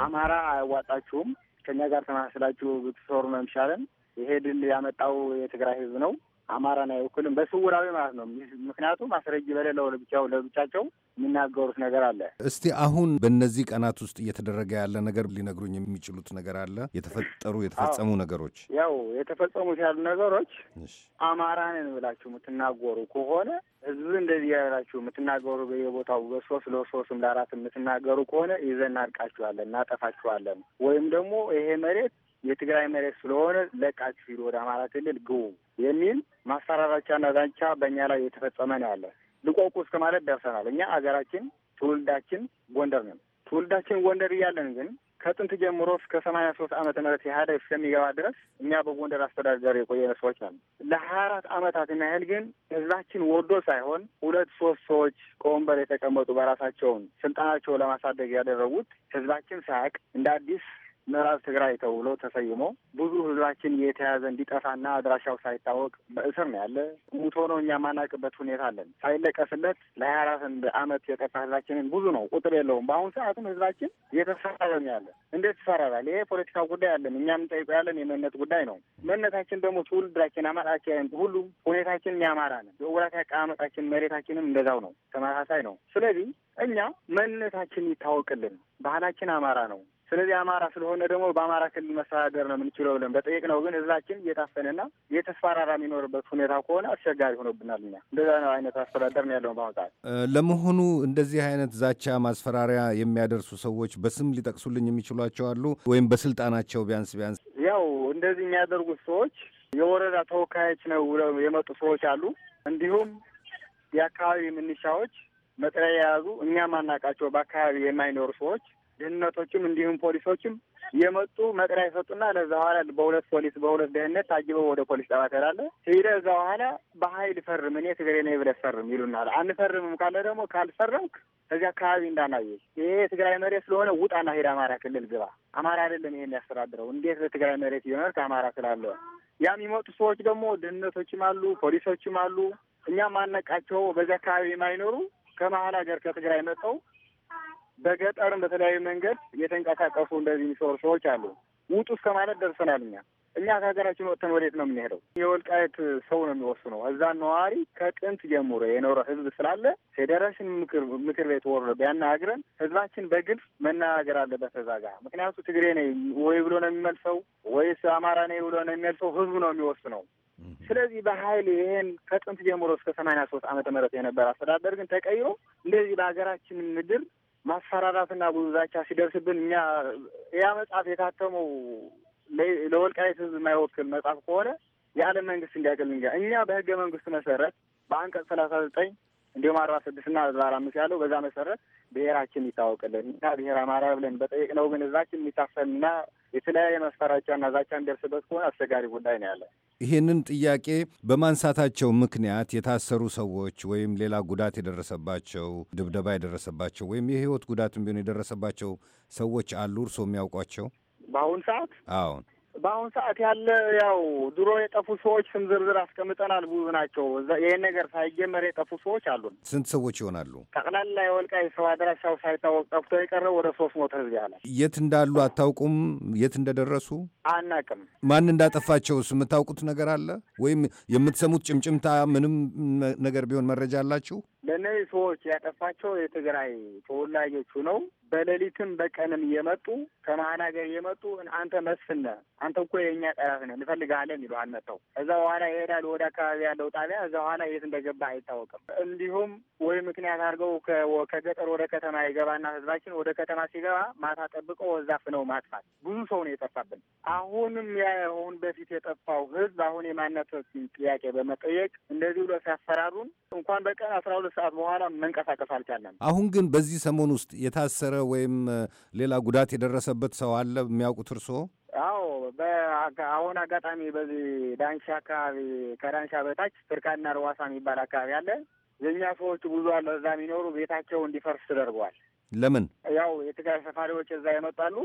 G: አማራ አያዋጣችሁም ከእኛ ጋር ተማስላችሁ ብትሰሩ ነው የሚሻለን ይሄ ድል ያመጣው የትግራይ ህዝብ ነው። አማራን አይወክልም በስውራዊ ማለት ነው። ምክንያቱም አስረጅ በሌለው ለብቻው ለብቻቸው የሚናገሩት ነገር አለ።
B: እስቲ አሁን በእነዚህ ቀናት ውስጥ እየተደረገ ያለ ነገር ሊነግሩኝ የሚችሉት ነገር አለ? የተፈጠሩ የተፈጸሙ ነገሮች
G: ያው የተፈጸሙት ያሉ ነገሮች አማራንን ብላችሁ የምትናገሩ ከሆነ ህዝብ እንደዚህ ያላችሁ የምትናገሩ በየቦታው በሶስት ለሶስትም ለአራት የምትናገሩ ከሆነ ይዘን እናድቃችኋለን፣ እናጠፋችኋለን ወይም ደግሞ ይሄ መሬት የትግራይ መሬት ስለሆነ ለቃችሁ ሂዱ ወደ አማራ ክልል ግቡ የሚል ማስፈራራቻና ዛቻ በእኛ ላይ የተፈጸመ ነው ያለ። ልቆቁ እስከ ማለት ደርሰናል። እኛ አገራችን ትውልዳችን ጎንደር ነው። ትውልዳችን ጎንደር እያለን ግን ከጥንት ጀምሮ እስከ ሰማንያ ሶስት ዓመተ ምህረት ኢህአዴግ እስከሚገባ ድረስ እኛ በጎንደር አስተዳደር የቆየነ ሰዎች አሉ። ለሀያ አራት ዓመታት የሚያህል ግን ህዝባችን ወዶ ሳይሆን ሁለት ሶስት ሰዎች ከወንበር የተቀመጡ በራሳቸውን ስልጣናቸው ለማሳደግ ያደረጉት ህዝባችን ሳያቅ እንደ አዲስ ምዕራብ ትግራይ ተብሎ ተሰይሞ ብዙ ህዝባችን የተያዘ እንዲጠፋና አድራሻው ሳይታወቅ በእስር ነው ያለ። ሙቶ ነው እኛ ማናቅበት ሁኔታ አለን። ሳይለቀስለት ለሀያ አራት አመት የጠፋ ህዝባችንን ብዙ ነው፣ ቁጥር የለውም። በአሁኑ ሰዓትም ህዝባችን እየተፈራረ ነው ያለ። እንዴት ይፈራራል? ይሄ የፖለቲካ ጉዳይ አለን፣ እኛ ጠይቆ ያለን የመነት ጉዳይ ነው። መነታችን ደግሞ ትውልድራችን፣ አማራችን፣ ሁሉም ሁኔታችን የሚያማራ ነን። የውራት አቀማመጣችን መሬታችንም እንደዛው ነው፣ ተመሳሳይ ነው። ስለዚህ እኛ መነታችን ይታወቅልን። ባህላችን አማራ ነው። ስለዚህ አማራ ስለሆነ ደግሞ በአማራ ክልል መስተዳደር ነው የምንችለው ብለን ነው። ግን ህዝባችን እየታፈነና እየተስፈራራ የሚኖርበት ሁኔታ ከሆነ አስቸጋሪ ሆኖብናል። እኛ እንደዛ ነው አይነት አስተዳደር ነው ያለው በአሁኑ ሰዓት።
B: ለመሆኑ እንደዚህ አይነት ዛቻ፣ ማስፈራሪያ የሚያደርሱ ሰዎች በስም ሊጠቅሱልኝ የሚችሏቸው አሉ ወይም በስልጣናቸው ቢያንስ ቢያንስ
G: ያው እንደዚህ የሚያደርጉት ሰዎች የወረዳ ተወካዮች ነው ብለው የመጡ ሰዎች አሉ። እንዲሁም የአካባቢ ምንሻዎች መጠሪያ የያዙ እኛ ማናቃቸው በአካባቢ የማይኖሩ ሰዎች ደህንነቶችም እንዲሁም ፖሊሶችም የመጡ መጥሪያ ይሰጡና ለዛ በኋላ በሁለት ፖሊስ በሁለት ደህንነት ታጅበው ወደ ፖሊስ ጣቢያ ትሄዳለህ። ሄደ እዛ በኋላ በሀይል ፈርም፣ እኔ ትግሬ ነኝ ብለህ ፈርም ይሉናል። አንፈርምም ካለ ደግሞ ካልፈረምክ ከዚህ አካባቢ እንዳናየ ይሄ የትግራይ መሬት ስለሆነ ውጣና ሄደ አማራ ክልል ግባ። አማራ አይደለም ይሄን ያስተዳድረው እንዴት ለትግራይ መሬት እየኖርክ አማራ ስላለው ያ የሚመጡ ሰዎች ደግሞ ደህንነቶችም አሉ፣ ፖሊሶችም አሉ። እኛ ማነቃቸው በዚህ አካባቢ የማይኖሩ ከመሀል ሀገር ከትግራይ መጠው በገጠርም በተለያዩ መንገድ የተንቀሳቀሱ እንደዚህ የሚሰሩ ሰዎች አሉ። ውጡ እስከ ማለት ደርሰናል። እኛ እኛ ከሀገራችን ወጥተን ወዴት ነው የምንሄደው? የወልቃየት ሰው ነው የሚወስነው። እዛ ነዋሪ ከጥንት ጀምሮ የኖረ ህዝብ ስላለ ፌዴሬሽን ምክር ቤት ወርዶ ቢያናግረን ህዝባችን በግልጽ መናገር አለበት እዛ ምክንያቱ ትግሬ ነ ወይ ብሎ ነው የሚመልሰው ወይስ አማራ ነ ብሎ ነው የሚመልሰው ህዝቡ ነው የሚወስነው። ስለዚህ በኃይል ይሄን ከጥንት ጀምሮ እስከ ሰማንያ ሶስት ዓመተ ምህረት የነበረ አስተዳደር ግን ተቀይሮ እንደዚህ በሀገራችን ምድር ማስፈራራትና ብዙ ዛቻ ሲደርስብን እኛ ያ መጽሐፍ የታተመው ለወልቃይት ሕዝብ የማይወክል መጽሐፍ ከሆነ የዓለም መንግስት እንዲያቅል እንጂ እኛ በህገ መንግስት መሰረት በአንቀጽ ሰላሳ ዘጠኝ እንዲሁም አርባ ስድስት እና አርባ አምስት ያለው በዛ መሰረት ብሔራችን ይታወቅልን እና ብሔር አማራ ብለን በጠየቅነው ግን ሕዝባችን የሚታፈንና የተለያየ ማስፈራጫና ዛቻ የሚደርስበት ከሆነ አስቸጋሪ ጉዳይ ነው ያለ።
B: ይህንን ጥያቄ በማንሳታቸው ምክንያት የታሰሩ ሰዎች ወይም ሌላ ጉዳት የደረሰባቸው ድብደባ የደረሰባቸው ወይም የህይወት ጉዳትም ቢሆን የደረሰባቸው ሰዎች አሉ እርስዎ የሚያውቋቸው በአሁን ሰዓት? አሁን
G: በአሁን ሰዓት ያለ ያው ድሮ የጠፉ ሰዎች ስም ዝርዝር አስቀምጠናል። ብዙ ናቸው። ይህን ነገር ሳይጀመር የጠፉ ሰዎች አሉን።
B: ስንት ሰዎች ይሆናሉ?
G: ጠቅላላ የወልቃይት ሰው አድራሻው ሳይታወቅ ጠፍቶ የቀረው ወደ ሶስት መቶ ህዝብ ያለ።
B: የት እንዳሉ አታውቁም? የት እንደደረሱ አናቅም። ማን እንዳጠፋቸውስ የምታውቁት ነገር አለ ወይም የምትሰሙት ጭምጭምታ ምንም ነገር ቢሆን መረጃ አላችሁ?
G: ለእነዚህ ሰዎች ያጠፋቸው የትግራይ ተወላጆቹ ነው። በሌሊትም በቀንም እየመጡ ከመሀን ሀገር እየመጡ አንተ መስፍን ነህ፣ አንተ እኮ የእኛ ጠላት ነህ፣ እንፈልግሃለን ይሉሃል መጥተው። እዛ በኋላ ይሄዳል ወደ አካባቢ ያለው ጣቢያ። እዛ በኋላ የት እንደገባ አይታወቅም። እንዲሁም ወይ ምክንያት አድርገው ከገጠር ወደ ከተማ ይገባና ህዝባችን ወደ ከተማ ሲገባ ማታ ጠብቀው እዛ ፍነው ማጥፋት። ብዙ ሰው ነው የጠፋብን። አሁንም ያሁን በፊት የጠፋው ህዝብ አሁን የማንነት ጥያቄ በመጠየቅ እንደዚህ ብሎ ሲያፈራሩን እንኳን በቀን አስራ ሁለት ሰዓት በኋላ መንቀሳቀስ አልቻለም።
B: አሁን ግን በዚህ ሰሞን ውስጥ የታሰረ ወይም ሌላ ጉዳት የደረሰበት ሰው አለ የሚያውቁት እርስዎ?
G: አዎ አሁን አጋጣሚ በዚህ ዳንሻ አካባቢ ከዳንሻ በታች ፍርካና ርዋሳ የሚባል አካባቢ አለ። የእኛ ሰዎች ብዙ አለ እዛ የሚኖሩ ቤታቸው እንዲፈርስ ተደርገዋል። ለምን? ያው የትግራይ ሰፋሪዎች እዛ ይመጣሉ።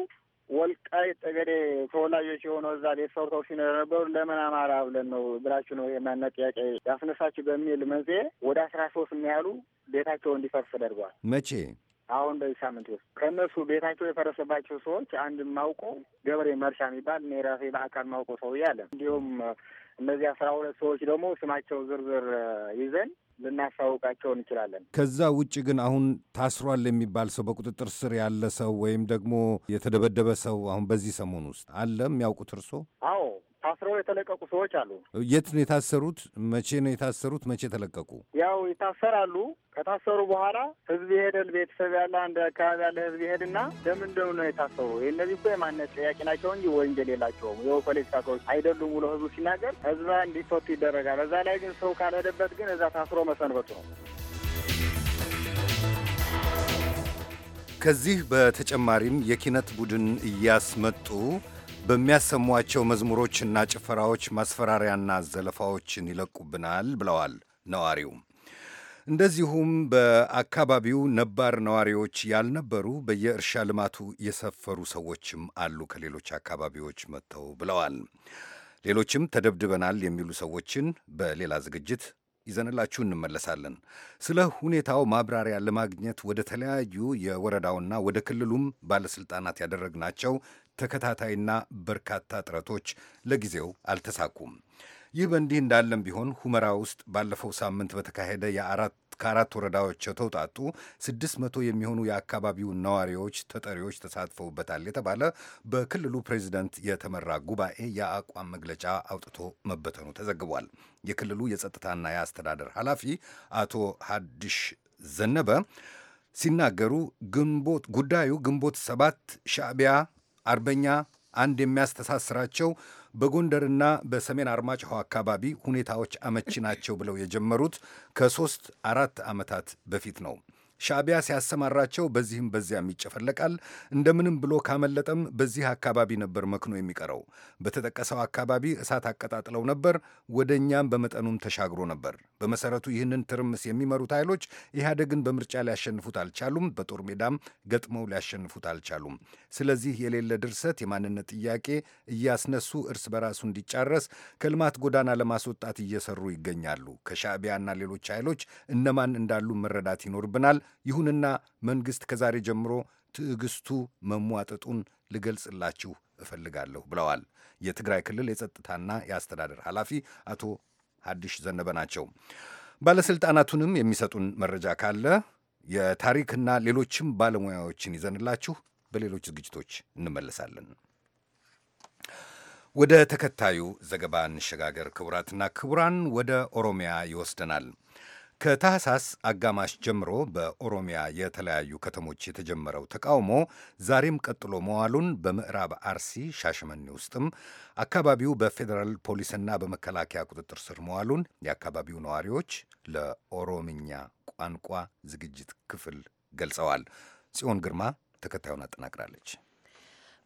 G: ወልቃይት ጠገዴ ተወላጆች የሆነው እዛ ቤት ሰርተው ሲኖር ነበሩ። ለምን አማራ ብለን ነው ብላችሁ ነው የማንነት ጥያቄ ያስነሳችሁ በሚል መንስኤ ወደ አስራ ሶስት የሚያሉ ቤታቸው እንዲፈርስ ተደርገዋል። መቼ አሁን በዚህ ሳምንት ውስጥ ከእነሱ ቤታቸው የፈረሰባቸው ሰዎች አንድ ማውቆ ገበሬ መርሻ የሚባል እኔ ራሴ በአካል ማውቆ ሰውዬ አለ። እንዲሁም እነዚህ አስራ ሁለት ሰዎች ደግሞ ስማቸው ዝርዝር ይዘን ልናስታውቃቸው እንችላለን።
B: ከዛ ውጭ ግን አሁን ታስሯል የሚባል ሰው በቁጥጥር ስር ያለ ሰው ወይም ደግሞ የተደበደበ ሰው አሁን በዚህ ሰሞን ውስጥ አለ የሚያውቁት እርሶ?
G: አዎ ታስረው የተለቀቁ ሰዎች አሉ።
B: የት ነው የታሰሩት? መቼ ነው የታሰሩት? መቼ ተለቀቁ?
G: ያው ይታሰራሉ። ከታሰሩ በኋላ ህዝብ ይሄዳል። ቤተሰብ ያለ አንድ አካባቢ ያለ ህዝብ ይሄድና ለምን ደም ነው የታሰሩ? እነዚህ እኮ የማንነት ጥያቄ ናቸው እንጂ ወንጀል የላቸውም፣ የው ፖለቲካ ሰዎች አይደሉም ብሎ ህዝቡ ሲናገር ህዝብ እንዲፈቱ ይደረጋል። እዛ ላይ ግን ሰው ካልሄደበት ግን እዛ ታስሮ መሰንበቱ ነው።
B: ከዚህ በተጨማሪም የኪነት ቡድን እያስመጡ በሚያሰሟቸው መዝሙሮችና ጭፈራዎች ማስፈራሪያና ዘለፋዎችን ይለቁብናል ብለዋል ነዋሪው። እንደዚሁም በአካባቢው ነባር ነዋሪዎች ያልነበሩ በየእርሻ ልማቱ የሰፈሩ ሰዎችም አሉ ከሌሎች አካባቢዎች መጥተው ብለዋል። ሌሎችም ተደብድበናል የሚሉ ሰዎችን በሌላ ዝግጅት ይዘንላችሁ እንመለሳለን። ስለ ሁኔታው ማብራሪያ ለማግኘት ወደ ተለያዩ የወረዳውና ወደ ክልሉም ባለሥልጣናት ያደረግናቸው ተከታታይና በርካታ ጥረቶች ለጊዜው አልተሳኩም። ይህ በእንዲህ እንዳለም ቢሆን ሁመራ ውስጥ ባለፈው ሳምንት በተካሄደ የአራት ከአራት ወረዳዎች የተውጣጡ ስድስት መቶ የሚሆኑ የአካባቢው ነዋሪዎች ተጠሪዎች ተሳትፈውበታል የተባለ በክልሉ ፕሬዚደንት የተመራ ጉባኤ የአቋም መግለጫ አውጥቶ መበተኑ ተዘግቧል። የክልሉ የጸጥታና የአስተዳደር ኃላፊ አቶ ሀዲሽ ዘነበ ሲናገሩ ግንቦት ጉዳዩ ግንቦት ሰባት ሻዕቢያ አርበኛ አንድ የሚያስተሳስራቸው በጎንደርና በሰሜን አርማጭሆ አካባቢ ሁኔታዎች አመቺ ናቸው ብለው የጀመሩት ከሶስት አራት ዓመታት በፊት ነው። ሻዕቢያ ሲያሰማራቸው በዚህም በዚያም ይጨፈለቃል። እንደምንም ብሎ ካመለጠም በዚህ አካባቢ ነበር መክኖ የሚቀረው። በተጠቀሰው አካባቢ እሳት አቀጣጥለው ነበር፣ ወደ እኛም በመጠኑም ተሻግሮ ነበር። በመሰረቱ ይህንን ትርምስ የሚመሩት ኃይሎች ኢህአደግን በምርጫ ሊያሸንፉት አልቻሉም። በጦር ሜዳም ገጥመው ሊያሸንፉት አልቻሉም። ስለዚህ የሌለ ድርሰት የማንነት ጥያቄ እያስነሱ እርስ በራሱ እንዲጫረስ ከልማት ጎዳና ለማስወጣት እየሰሩ ይገኛሉ። ከሻዕቢያና ሌሎች ኃይሎች እነማን እንዳሉ መረዳት ይኖርብናል። ይሁንና መንግሥት ከዛሬ ጀምሮ ትዕግስቱ መሟጠጡን ልገልጽላችሁ እፈልጋለሁ ብለዋል። የትግራይ ክልል የጸጥታና የአስተዳደር ኃላፊ አቶ ሀዲሽ ዘነበ ናቸው። ባለሥልጣናቱንም የሚሰጡን መረጃ ካለ የታሪክና ሌሎችም ባለሙያዎችን ይዘንላችሁ በሌሎች ዝግጅቶች እንመለሳለን። ወደ ተከታዩ ዘገባ እንሸጋገር። ክቡራትና ክቡራን፣ ወደ ኦሮሚያ ይወስደናል። ከታህሳስ አጋማሽ ጀምሮ በኦሮሚያ የተለያዩ ከተሞች የተጀመረው ተቃውሞ ዛሬም ቀጥሎ መዋሉን በምዕራብ አርሲ ሻሸመኔ ውስጥም አካባቢው በፌዴራል ፖሊስና በመከላከያ ቁጥጥር ስር መዋሉን የአካባቢው ነዋሪዎች ለኦሮምኛ ቋንቋ ዝግጅት ክፍል ገልጸዋል። ጽዮን ግርማ ተከታዩን አጠናቅራለች።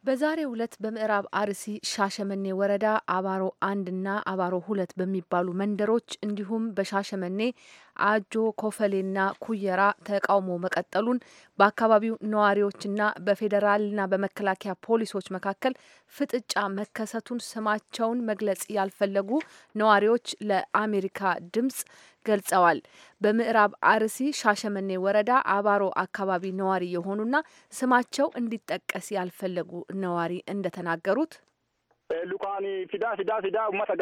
E: በዛሬ ሁለት በምዕራብ አርሲ ሻሸመኔ ወረዳ አባሮ አንድ እና አባሮ ሁለት በሚባሉ መንደሮች እንዲሁም በሻሸመኔ አጆ ኮፈሌና ኩየራ ተቃውሞ መቀጠሉን በአካባቢው ነዋሪዎችና በፌዴራልና በመከላከያ ፖሊሶች መካከል ፍጥጫ መከሰቱን ስማቸውን መግለጽ ያልፈለጉ ነዋሪዎች ለአሜሪካ ድምጽ ገልጸዋል። በምዕራብ አርሲ ሻሸመኔ ወረዳ አባሮ አካባቢ ነዋሪ የሆኑና ስማቸው እንዲጠቀስ ያልፈለጉ ነዋሪ እንደተናገሩት
H: lukaani fidaa fidaa fidaa ummata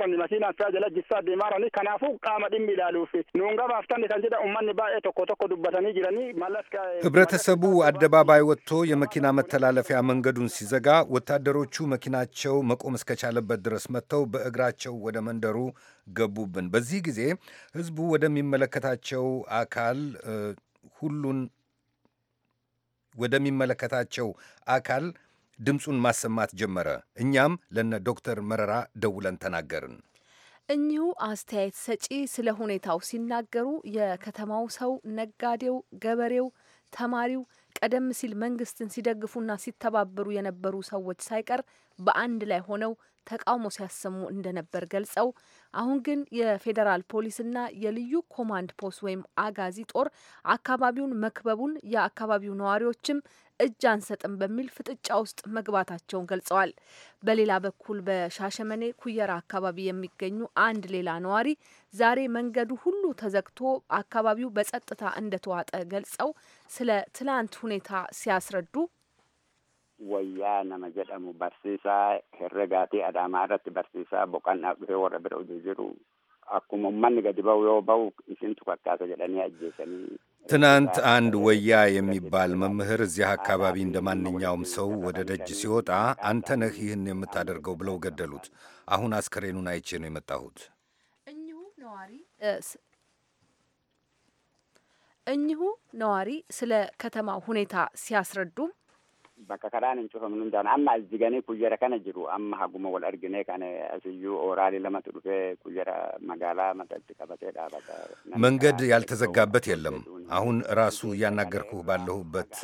H: rani masiinaan fea jala jissaa deemaa rani kanaafu qaama dhimmi ilaaluuf nuun tanne kan jedha ummanni baay'ee tokko tokko dubbatanii jiranii malas
B: ህብረተሰቡ አደባባይ ወጥቶ የመኪና መተላለፊያ መንገዱን ሲዘጋ ወታደሮቹ መኪናቸው መቆም እስከቻለበት ድረስ መጥተው በእግራቸው ወደ መንደሩ ገቡብን። በዚህ ጊዜ ህዝቡ ወደሚመለከታቸው አካል ሁሉን ወደሚመለከታቸው አካል ድምፁን ማሰማት ጀመረ። እኛም ለነ ዶክተር መረራ ደውለን ተናገርን።
E: እኚሁ አስተያየት ሰጪ ስለ ሁኔታው ሲናገሩ የከተማው ሰው፣ ነጋዴው፣ ገበሬው፣ ተማሪው ቀደም ሲል መንግስትን ሲደግፉና ሲተባበሩ የነበሩ ሰዎች ሳይቀር በአንድ ላይ ሆነው ተቃውሞ ሲያሰሙ እንደነበር ገልጸው አሁን ግን የፌዴራል ፖሊስና የልዩ ኮማንድ ፖስት ወይም አጋዚ ጦር አካባቢውን መክበቡን የአካባቢው ነዋሪዎችም እጅ አንሰጥም በሚል ፍጥጫ ውስጥ መግባታቸውን ገልጸዋል። በሌላ በኩል በሻሸመኔ ኩየራ አካባቢ የሚገኙ አንድ ሌላ ነዋሪ ዛሬ መንገዱ ሁሉ ተዘግቶ አካባቢው በጸጥታ እንደተዋጠ ገልጸው ስለ ትላንት ሁኔታ ሲያስረዱ
I: ወያ ነመ ጀደሙ በርሲሳ ህረጋቴ አዳማ ረት በርሲሳ ቦቃና ወረ ብረው ጅሩ አኩሞ ማን ገድበው የወባው ኢሲንቱ ከካተ ጀደኒ አጀሰኒ
B: ትናንት አንድ ወያ የሚባል መምህር እዚህ አካባቢ እንደ ማንኛውም ሰው ወደ ደጅ ሲወጣ አንተ ነህ ይህን የምታደርገው ብለው ገደሉት። አሁን አስከሬኑን አይቼ ነው የመጣሁት።
E: እኚሁ ነዋሪ እኚሁ ነዋሪ ስለ ከተማው ሁኔታ ሲያስረዱ
I: በከ ከዳን እንጩፈ ምኑ ጃን አማ እዚገኔ ኩየረ ከነ ጅሩ አማ ሀጉመ ወል አርግኔ ከነ እስዩ ኦራሌ ለመት ዱፌ ኩየረ መጋላ መጠጥ ቀበቴ
B: መንገድ ያልተዘጋበት የለም። አሁን ራሱ እያናገርኩህ ባለሁበት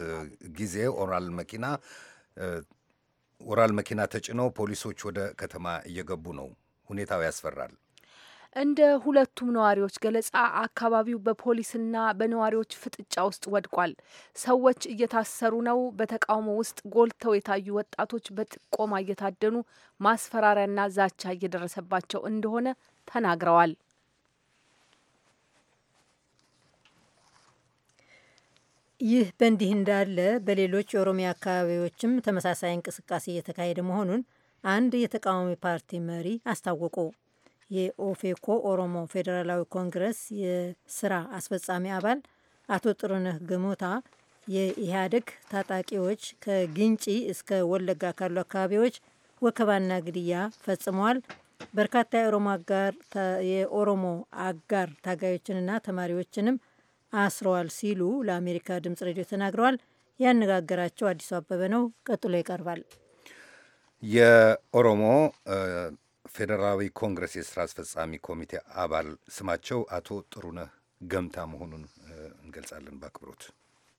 B: ጊዜ ኦራል መኪና ኦራል መኪና ተጭነው ፖሊሶች ወደ ከተማ እየገቡ ነው። ሁኔታው ያስፈራል።
E: እንደ ሁለቱም ነዋሪዎች ገለጻ አካባቢው በፖሊስና በነዋሪዎች ፍጥጫ ውስጥ ወድቋል። ሰዎች እየታሰሩ ነው። በተቃውሞ ውስጥ ጎልተው የታዩ ወጣቶች በጥቆማ እየታደኑ ማስፈራሪያና ዛቻ እየደረሰባቸው እንደሆነ ተናግረዋል።
A: ይህ በእንዲህ እንዳለ በሌሎች የኦሮሚያ አካባቢዎችም ተመሳሳይ እንቅስቃሴ እየተካሄደ መሆኑን አንድ የተቃዋሚ ፓርቲ መሪ አስታወቁ። የኦፌኮ ኦሮሞ ፌዴራላዊ ኮንግረስ የስራ አስፈጻሚ አባል አቶ ጥሩነህ ግሙታ የኢህአዴግ ታጣቂዎች ከግንጪ እስከ ወለጋ ካሉ አካባቢዎች ወከባና ግድያ ፈጽመዋል፣ በርካታ የኦሮሞ አጋር ታጋዮችንና ተማሪዎችንም አስረዋል ሲሉ ለአሜሪካ ድምጽ ሬዲዮ ተናግረዋል። ያነጋገራቸው አዲሱ አበበ ነው። ቀጥሎ ይቀርባል።
B: የኦሮሞ ፌዴራዊ ኮንግረስ የስራ አስፈጻሚ ኮሚቴ አባል ስማቸው አቶ ጥሩነህ ገምታ መሆኑን እንገልጻለን በአክብሮት።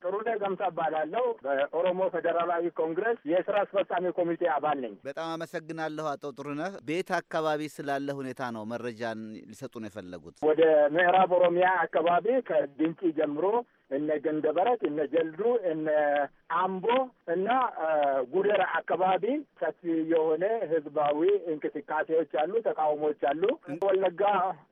H: ጥሩነህ ገምታ እባላለሁ። በኦሮሞ ፌዴራላዊ ኮንግረስ የስራ አስፈጻሚ ኮሚቴ አባል ነኝ።
J: በጣም አመሰግናለሁ አቶ ጥሩነህ። ቤት አካባቢ ስላለ ሁኔታ ነው መረጃን ሊሰጡን የፈለጉት።
H: ወደ ምዕራብ ኦሮሚያ አካባቢ ከድንቂ ጀምሮ እነ ገንደበረት፣ እነ ጀልዱ፣ እነ አምቦ እና ጉደራ አካባቢ ሰፊ የሆነ ህዝባዊ እንቅስቃሴዎች አሉ፣ ተቃውሞዎች አሉ። ወለጋ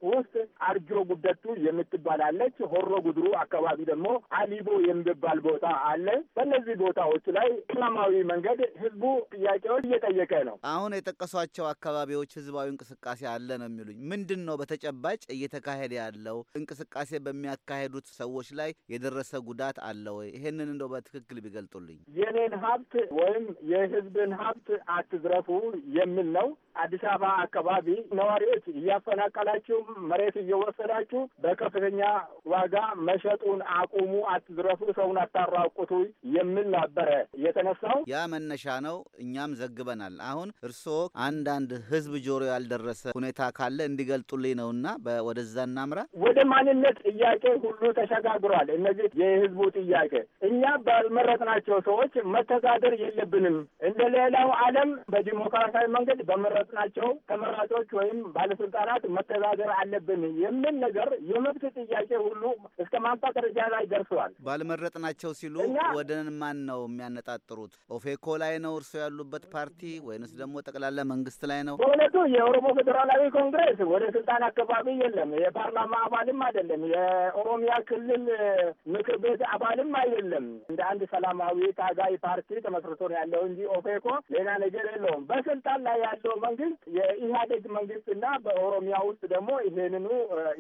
H: ውስጥ አርጆ ጉደቱ የምትባላለች፣ ሆሮ ጉድሩ አካባቢ ደግሞ አሊቦ የሚባል ቦታ አለ። በእነዚህ ቦታዎች ላይ ሰላማዊ መንገድ ህዝቡ ጥያቄዎች እየጠየቀ
J: ነው። አሁን የጠቀሷቸው አካባቢዎች ህዝባዊ እንቅስቃሴ አለ ነው የሚሉኝ። ምንድን ነው በተጨባጭ እየተካሄደ ያለው እንቅስቃሴ በሚያካሄዱት ሰዎች ላይ የደረሰ ጉዳት አለ ወይ? ይሄንን እንደው በትክክል ቢገልጡልኝ።
H: የኔን ሀብት ወይም የህዝብን ሀብት አትዝረፉ የሚል ነው። አዲስ አበባ አካባቢ ነዋሪዎች እያፈናቀላችሁ መሬት እየወሰዳችሁ በከፍተኛ ዋጋ መሸጡን አቁሙ፣ አትዝረፉ፣ ሰውን አታራቁቱ የሚል ነበረ የተነሳው።
J: ያ መነሻ ነው። እኛም ዘግበናል። አሁን እርስዎ አንዳንድ ህዝብ ጆሮ ያልደረሰ ሁኔታ ካለ እንዲገልጡልኝ ነውና ወደዛ እናምራ።
H: ወደ ማንነት ጥያቄ ሁሉ ተሸጋግሯል። እነዚህ የህዝቡ ጥያቄ እኛ ባልመረጥናቸው ሰዎች መተዳደር የለብንም። እንደ ሌላው ዓለም በዲሞክራሲያዊ መንገድ በመረ በመረጥናቸው ተመራጮች ወይም ባለስልጣናት መተዳደር አለብን የሚል ነገር የመብት ጥያቄ ሁሉ እስከ ማንሳት ደረጃ ላይ ደርሰዋል።
J: ባልመረጥናቸው ሲሉ ወደ ማን ነው የሚያነጣጥሩት? ኦፌኮ ላይ ነው እርስዎ ያሉበት ፓርቲ ወይንስ ደግሞ ጠቅላላ መንግስት ላይ ነው? በእውነቱ የኦሮሞ
H: ፌዴራላዊ ኮንግሬስ ወደ ስልጣን አካባቢ የለም፣ የፓርላማ አባልም አይደለም፣ የኦሮሚያ ክልል ምክር ቤት አባልም አይደለም። እንደ አንድ ሰላማዊ ታጋይ ፓርቲ ተመስርቶ ነው ያለው እንጂ ኦፌኮ ሌላ ነገር የለውም። በስልጣን ላይ ያለው መንግስት የኢህአዴግ መንግስትና በኦሮሚያ ውስጥ ደግሞ ይሄንኑ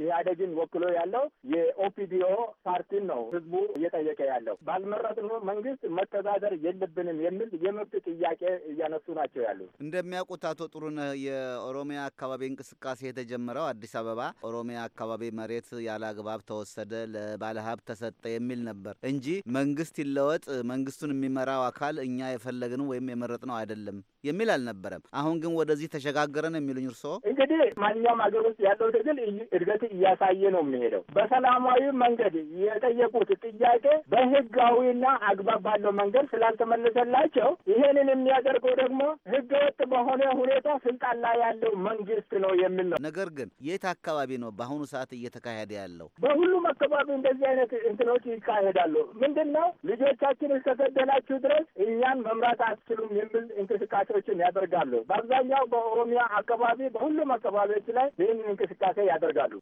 H: ኢህአዴግን ወክሎ ያለው የኦፒዲዮ ፓርቲን ነው ህዝቡ እየጠየቀ ያለው። ባልመረጥነው መንግስት መተዳደር የለብንም የሚል የመብት ጥያቄ እያነሱ ናቸው ያሉት።
J: እንደሚያውቁት አቶ ጥሩነህ የኦሮሚያ አካባቢ እንቅስቃሴ የተጀመረው አዲስ አበባ ኦሮሚያ አካባቢ መሬት ያለ አግባብ ተወሰደ፣ ለባለሀብት ተሰጠ የሚል ነበር እንጂ መንግስት ይለወጥ መንግስቱን የሚመራው አካል እኛ የፈለግነው ወይም የመረጥነው አይደለም የሚል አልነበረም። አሁን ግን ወደዚህ ተሸጋገረን የሚሉኝ እርስዎ?
H: እንግዲህ ማንኛውም ሀገር ውስጥ ያለው ትግል እድገት እያሳየ ነው የሚሄደው። በሰላማዊ መንገድ የጠየቁት ጥያቄ በህጋዊና አግባብ ባለው መንገድ ስላልተመለሰላቸው ይሄንን የሚያደርገው ደግሞ ህገወጥ በሆነ ሁኔታ ስልጣን ላይ
J: ያለው መንግስት ነው የሚል ነው። ነገር ግን የት አካባቢ ነው በአሁኑ ሰዓት እየተካሄደ ያለው?
H: በሁሉም አካባቢ እንደዚህ አይነት እንትኖች ይካሄዳሉ። ምንድን ነው ልጆቻችን እስከገደላችሁ ድረስ እኛን መምራት አትችሉም የሚል እንቅስቃሴ እንቅስቃሴዎችን ያደርጋሉ። በአብዛኛው በኦሮሚያ አካባቢ፣ በሁሉም አካባቢዎች ላይ ይህንን እንቅስቃሴ ያደርጋሉ።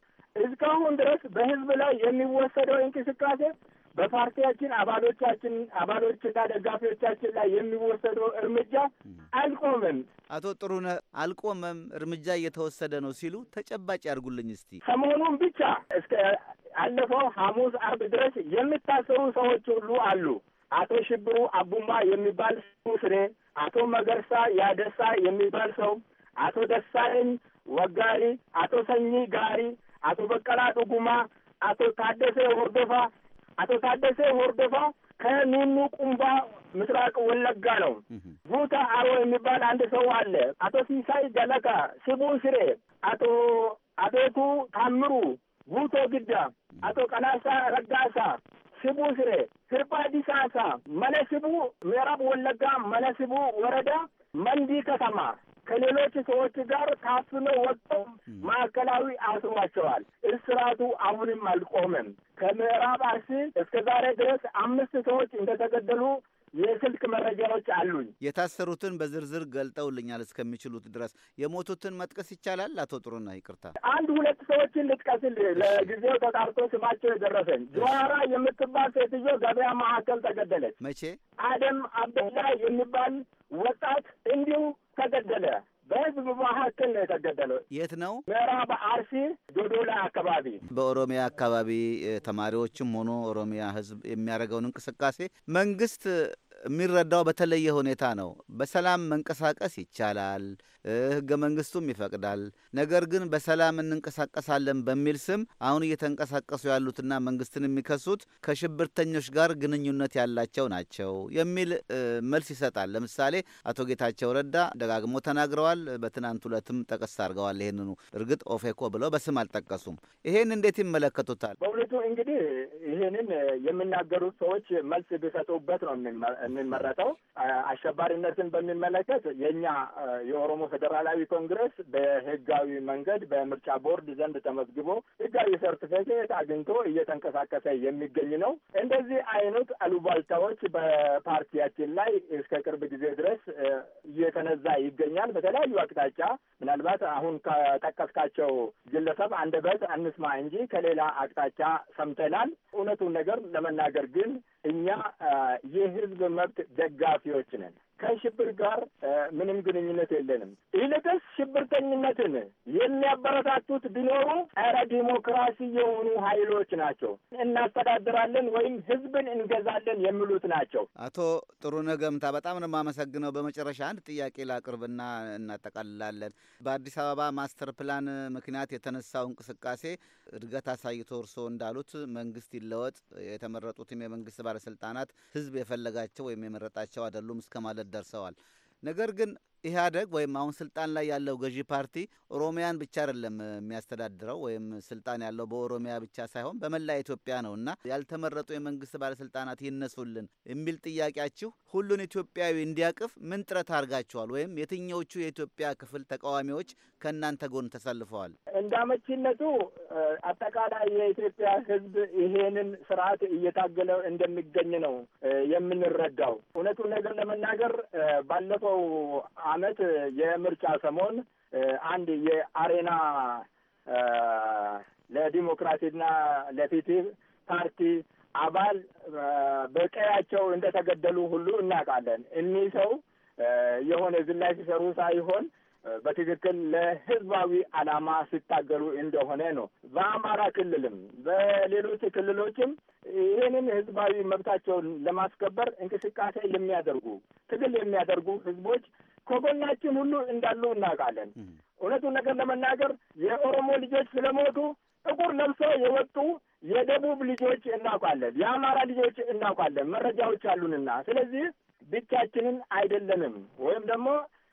H: እስካሁን ድረስ በህዝብ ላይ የሚወሰደው እንቅስቃሴ በፓርቲያችን አባሎቻችን አባሎችና ደጋፊዎቻችን ላይ የሚወሰደው እርምጃ አልቆመም።
J: አቶ ጥሩነ አልቆመም፣ እርምጃ እየተወሰደ ነው ሲሉ ተጨባጭ ያድርጉልኝ እስቲ። ሰሞኑን
H: ብቻ እስከ አለፈው ሐሙስ፣ አርብ ድረስ የሚታሰሩ ሰዎች ሁሉ አሉ። አቶ ሽብሩ አቡማ የሚባል ስሬ አቶ መገርሳ ያደሳ የሚባል ሰው፣ አቶ ደሳለኝ ወጋሪ፣ አቶ ሰኚ ጋሪ፣ አቶ በቀላ ዱጉማ፣ አቶ ታደሰ ሆርዶፋ። አቶ ታደሰ ሆርዶፋ ከኑኑ ቁምባ ምስራቅ ወለጋ ነው። ቡታ አሮ የሚባል አንድ ሰው አለ። አቶ ሲሳይ ደለካ፣ ሲቡ ሽሬ፣ አቶ አቤቱ ታምሩ፣ ቡቶ ግዳ፣ አቶ ቀናሳ ረጋሳ፣ ሲቡ ሽሬ አዲስ ዲሳሳ መለስቡ ምዕራብ ወለጋ መለስቡ ወረዳ መንዲ ከተማ ከሌሎች ሰዎች ጋር ታፍነው ወጥተው ማዕከላዊ አስሯቸዋል። እስራቱ አሁንም አልቆመም። ከምዕራብ አርሲ እስከ ዛሬ ድረስ አምስት ሰዎች እንደተገደሉ የስልክ መረጃዎች አሉኝ።
J: የታሰሩትን በዝርዝር ገልጠውልኛል እስከሚችሉት ድረስ የሞቱትን መጥቀስ ይቻላል? አቶ ጥሩና ይቅርታ፣
H: አንድ ሁለት ሰዎችን ልጥቀስልህ። ለጊዜው ተጣርቶ ስማቸው የደረሰኝ ጆዋራ የምትባል ሴትዮ ገበያ መካከል ተገደለች። መቼ? አደም አብደላ የሚባል ወጣት እንዲሁ ተገደለ። በህዝብ መካከል ነው የተገደለው። የት ነው? ምዕራብ አርሲ ዶዶላ አካባቢ።
J: በኦሮሚያ አካባቢ ተማሪዎችም ሆኖ ኦሮሚያ ህዝብ የሚያደርገውን እንቅስቃሴ መንግስት የሚረዳው በተለየ ሁኔታ ነው። በሰላም መንቀሳቀስ ይቻላል። ህገ መንግስቱም ይፈቅዳል። ነገር ግን በሰላም እንንቀሳቀሳለን በሚል ስም አሁን እየተንቀሳቀሱ ያሉትና መንግስትን የሚከሱት ከሽብርተኞች ጋር ግንኙነት ያላቸው ናቸው የሚል መልስ ይሰጣል። ለምሳሌ አቶ ጌታቸው ረዳ ደጋግሞ ተናግረዋል። በትናንት ሁለትም ጠቀስ አድርገዋል ይህንኑ። እርግጥ ኦፌኮ ብለው በስም አልጠቀሱም። ይሄን እንዴት ይመለከቱታል?
H: በእውነቱ እንግዲህ ይህንን የሚናገሩት ሰዎች መልስ ቢሰጡበት ነው የሚመረጠው። አሸባሪነትን በሚመለከት የእኛ የኦሮሞ ፌዴራላዊ ኮንግረስ በህጋዊ መንገድ በምርጫ ቦርድ ዘንድ ተመዝግቦ ህጋዊ ሰርቲፊኬት አግኝቶ እየተንቀሳቀሰ የሚገኝ ነው። እንደዚህ አይነት አሉባልታዎች በፓርቲያችን ላይ እስከ ቅርብ ጊዜ ድረስ እየተነዛ ይገኛል። በተለያዩ አቅጣጫ ምናልባት አሁን ከጠቀስካቸው ግለሰብ አንደበት አንስማ እንጂ ከሌላ አቅጣጫ ሰምተናል። እውነቱን ነገር ለመናገር ግን እኛ የህዝብ መብት ደጋፊዎች ነን። ከሽብር ጋር ምንም ግንኙነት የለንም። ይልቅስ ሽብርተኝነትን የሚያበረታቱት ቢኖሩ ጸረ ዲሞክራሲ የሆኑ ኃይሎች ናቸው። እናስተዳድራለን ወይም ህዝብን እንገዛለን
J: የሚሉት ናቸው። አቶ ጥሩነህ ገምታ በጣም ነው የማመሰግነው። በመጨረሻ አንድ ጥያቄ ላቅርብና እናጠቃልላለን። በአዲስ አበባ ማስተር ፕላን ምክንያት የተነሳው እንቅስቃሴ እድገት አሳይቶ እርስዎ እንዳሉት መንግስት ይለወጥ፣ የተመረጡትም የመንግስት ባለስልጣናት ህዝብ የፈለጋቸው ወይም የመረጣቸው አይደሉም እስከ ማለት ደርሰዋል። ነገር ግን ኢህአደግ ወይም አሁን ስልጣን ላይ ያለው ገዢ ፓርቲ ኦሮሚያን ብቻ አይደለም የሚያስተዳድረው ወይም ስልጣን ያለው በኦሮሚያ ብቻ ሳይሆን በመላ ኢትዮጵያ ነው እና ያልተመረጡ የመንግስት ባለስልጣናት ይነሱልን የሚል ጥያቄያችሁ ሁሉን ኢትዮጵያዊ እንዲያቅፍ ምን ጥረት አድርጋችኋል? ወይም የትኞቹ የኢትዮጵያ ክፍል ተቃዋሚዎች ከእናንተ ጎን ተሰልፈዋል?
H: እንደ አጠቃላይ የኢትዮጵያ ህዝብ ይሄንን ስርዓት እየታገለ እንደሚገኝ ነው የምንረዳው። እውነቱን ነገር ለመናገር ባለፈው አመት የምርጫ ሰሞን አንድ የአሬና ለዲሞክራሲና ለፍትህ ፓርቲ አባል በቀያቸው እንደተገደሉ ሁሉ እናውቃለን። እኒህ ሰው የሆነ ዝላይ ሲሰሩ ሳይሆን በትክክል ለህዝባዊ ዓላማ ሲታገሉ እንደሆነ ነው። በአማራ ክልልም በሌሎች ክልሎችም ይህንን ህዝባዊ መብታቸውን ለማስከበር እንቅስቃሴ የሚያደርጉ ትግል የሚያደርጉ ህዝቦች ከጎናችን ሁሉ እንዳሉ እናውቃለን። እውነቱን ነገር ለመናገር የኦሮሞ ልጆች ስለሞቱ ጥቁር ለብሰው የወጡ የደቡብ ልጆች እናውቃለን፣ የአማራ ልጆች እናውቃለን፣ መረጃዎች አሉንና ስለዚህ ብቻችንን አይደለንም ወይም ደግሞ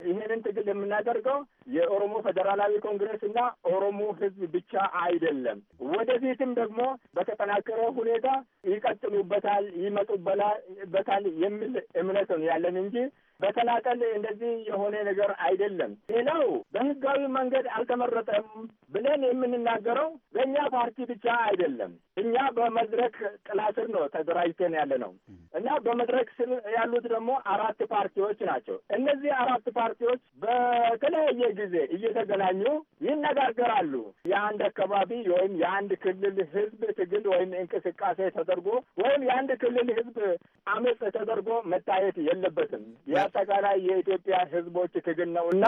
H: ይህንን ትግል የምናደርገው የኦሮሞ ፌዴራላዊ ኮንግረስ እና ኦሮሞ ሕዝብ ብቻ አይደለም። ወደፊትም ደግሞ በተጠናከረ ሁኔታ ይቀጥሉበታል፣ ይመጡበታል የሚል እምነት ነው ያለን እንጂ በተናጠል እንደዚህ የሆነ ነገር አይደለም። ሌላው በህጋዊ መንገድ አልተመረጠም ብለን የምንናገረው በእኛ ፓርቲ ብቻ አይደለም። እኛ በመድረክ ጥላ ስር ነው ተደራጅተን ያለ ነው እና በመድረክ ስር ያሉት ደግሞ አራት ፓርቲዎች ናቸው። እነዚህ አራት ፓርቲዎች በተለያየ ጊዜ እየተገናኙ ይነጋገራሉ። የአንድ አካባቢ ወይም የአንድ ክልል ህዝብ ትግል ወይም እንቅስቃሴ ተደርጎ ወይም የአንድ ክልል ህዝብ አመፅ ተደርጎ መታየት የለበትም። የአጠቃላይ የኢትዮጵያ ህዝቦች ትግል ነው እና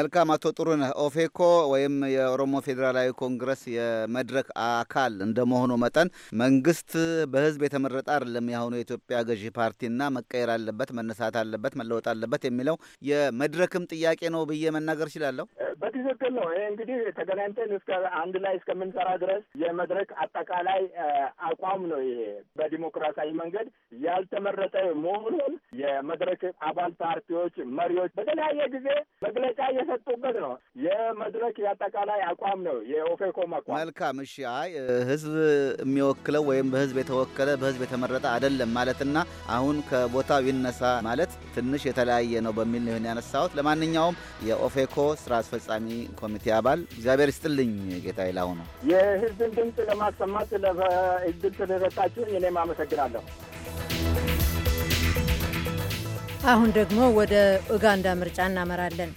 J: መልካም። አቶ ጥሩነህ ኦፌኮ ወይም የኦሮሞ ፌዴራላዊ ኮንግረስ የመድረክ አካል እንደመሆኑ መ መጠን መንግስት በህዝብ የተመረጠ አይደለም። የአሁኑ የኢትዮጵያ ገዢ ፓርቲና መቀየር አለበት፣ መነሳት አለበት፣ መለወጥ አለበት የሚለው የመድረክም ጥያቄ ነው ብዬ መናገር እችላለሁ።
H: በትክክል ነው። ይሄ እንግዲህ ተገናኝተን እስከ አንድ ላይ እስከምንሰራ ድረስ የመድረክ አጠቃላይ አቋም ነው። ይሄ በዲሞክራሲያዊ መንገድ ያልተመረጠ መሆኑን የመድረክ አባል ፓርቲዎች መሪዎች በተለያየ ጊዜ መግለጫ እየሰጡበት ነው። የመድረክ የአጠቃላይ አቋም ነው የኦፌኮም አቋም። መልካም እሺ። አይ
J: ህዝብ የሚወክለው ወይም በህዝብ የተወከለ በህዝብ የተመረጠ አይደለም ማለትና አሁን ከቦታው ይነሳ ማለት ትንሽ የተለያየ ነው በሚል ነው ያነሳሁት። ለማንኛውም የኦፌኮ ስራ አስፈጻሚ ኮሚቴ አባል እግዚአብሔር ይስጥልኝ ይላሁ ነው
C: የህዝብን
H: ድምፅ ለማሰማት ለእድል ስለሰጣችሁኝ እኔም አመሰግናለሁ።
A: አሁን ደግሞ ወደ ኡጋንዳ ምርጫ እናመራለን።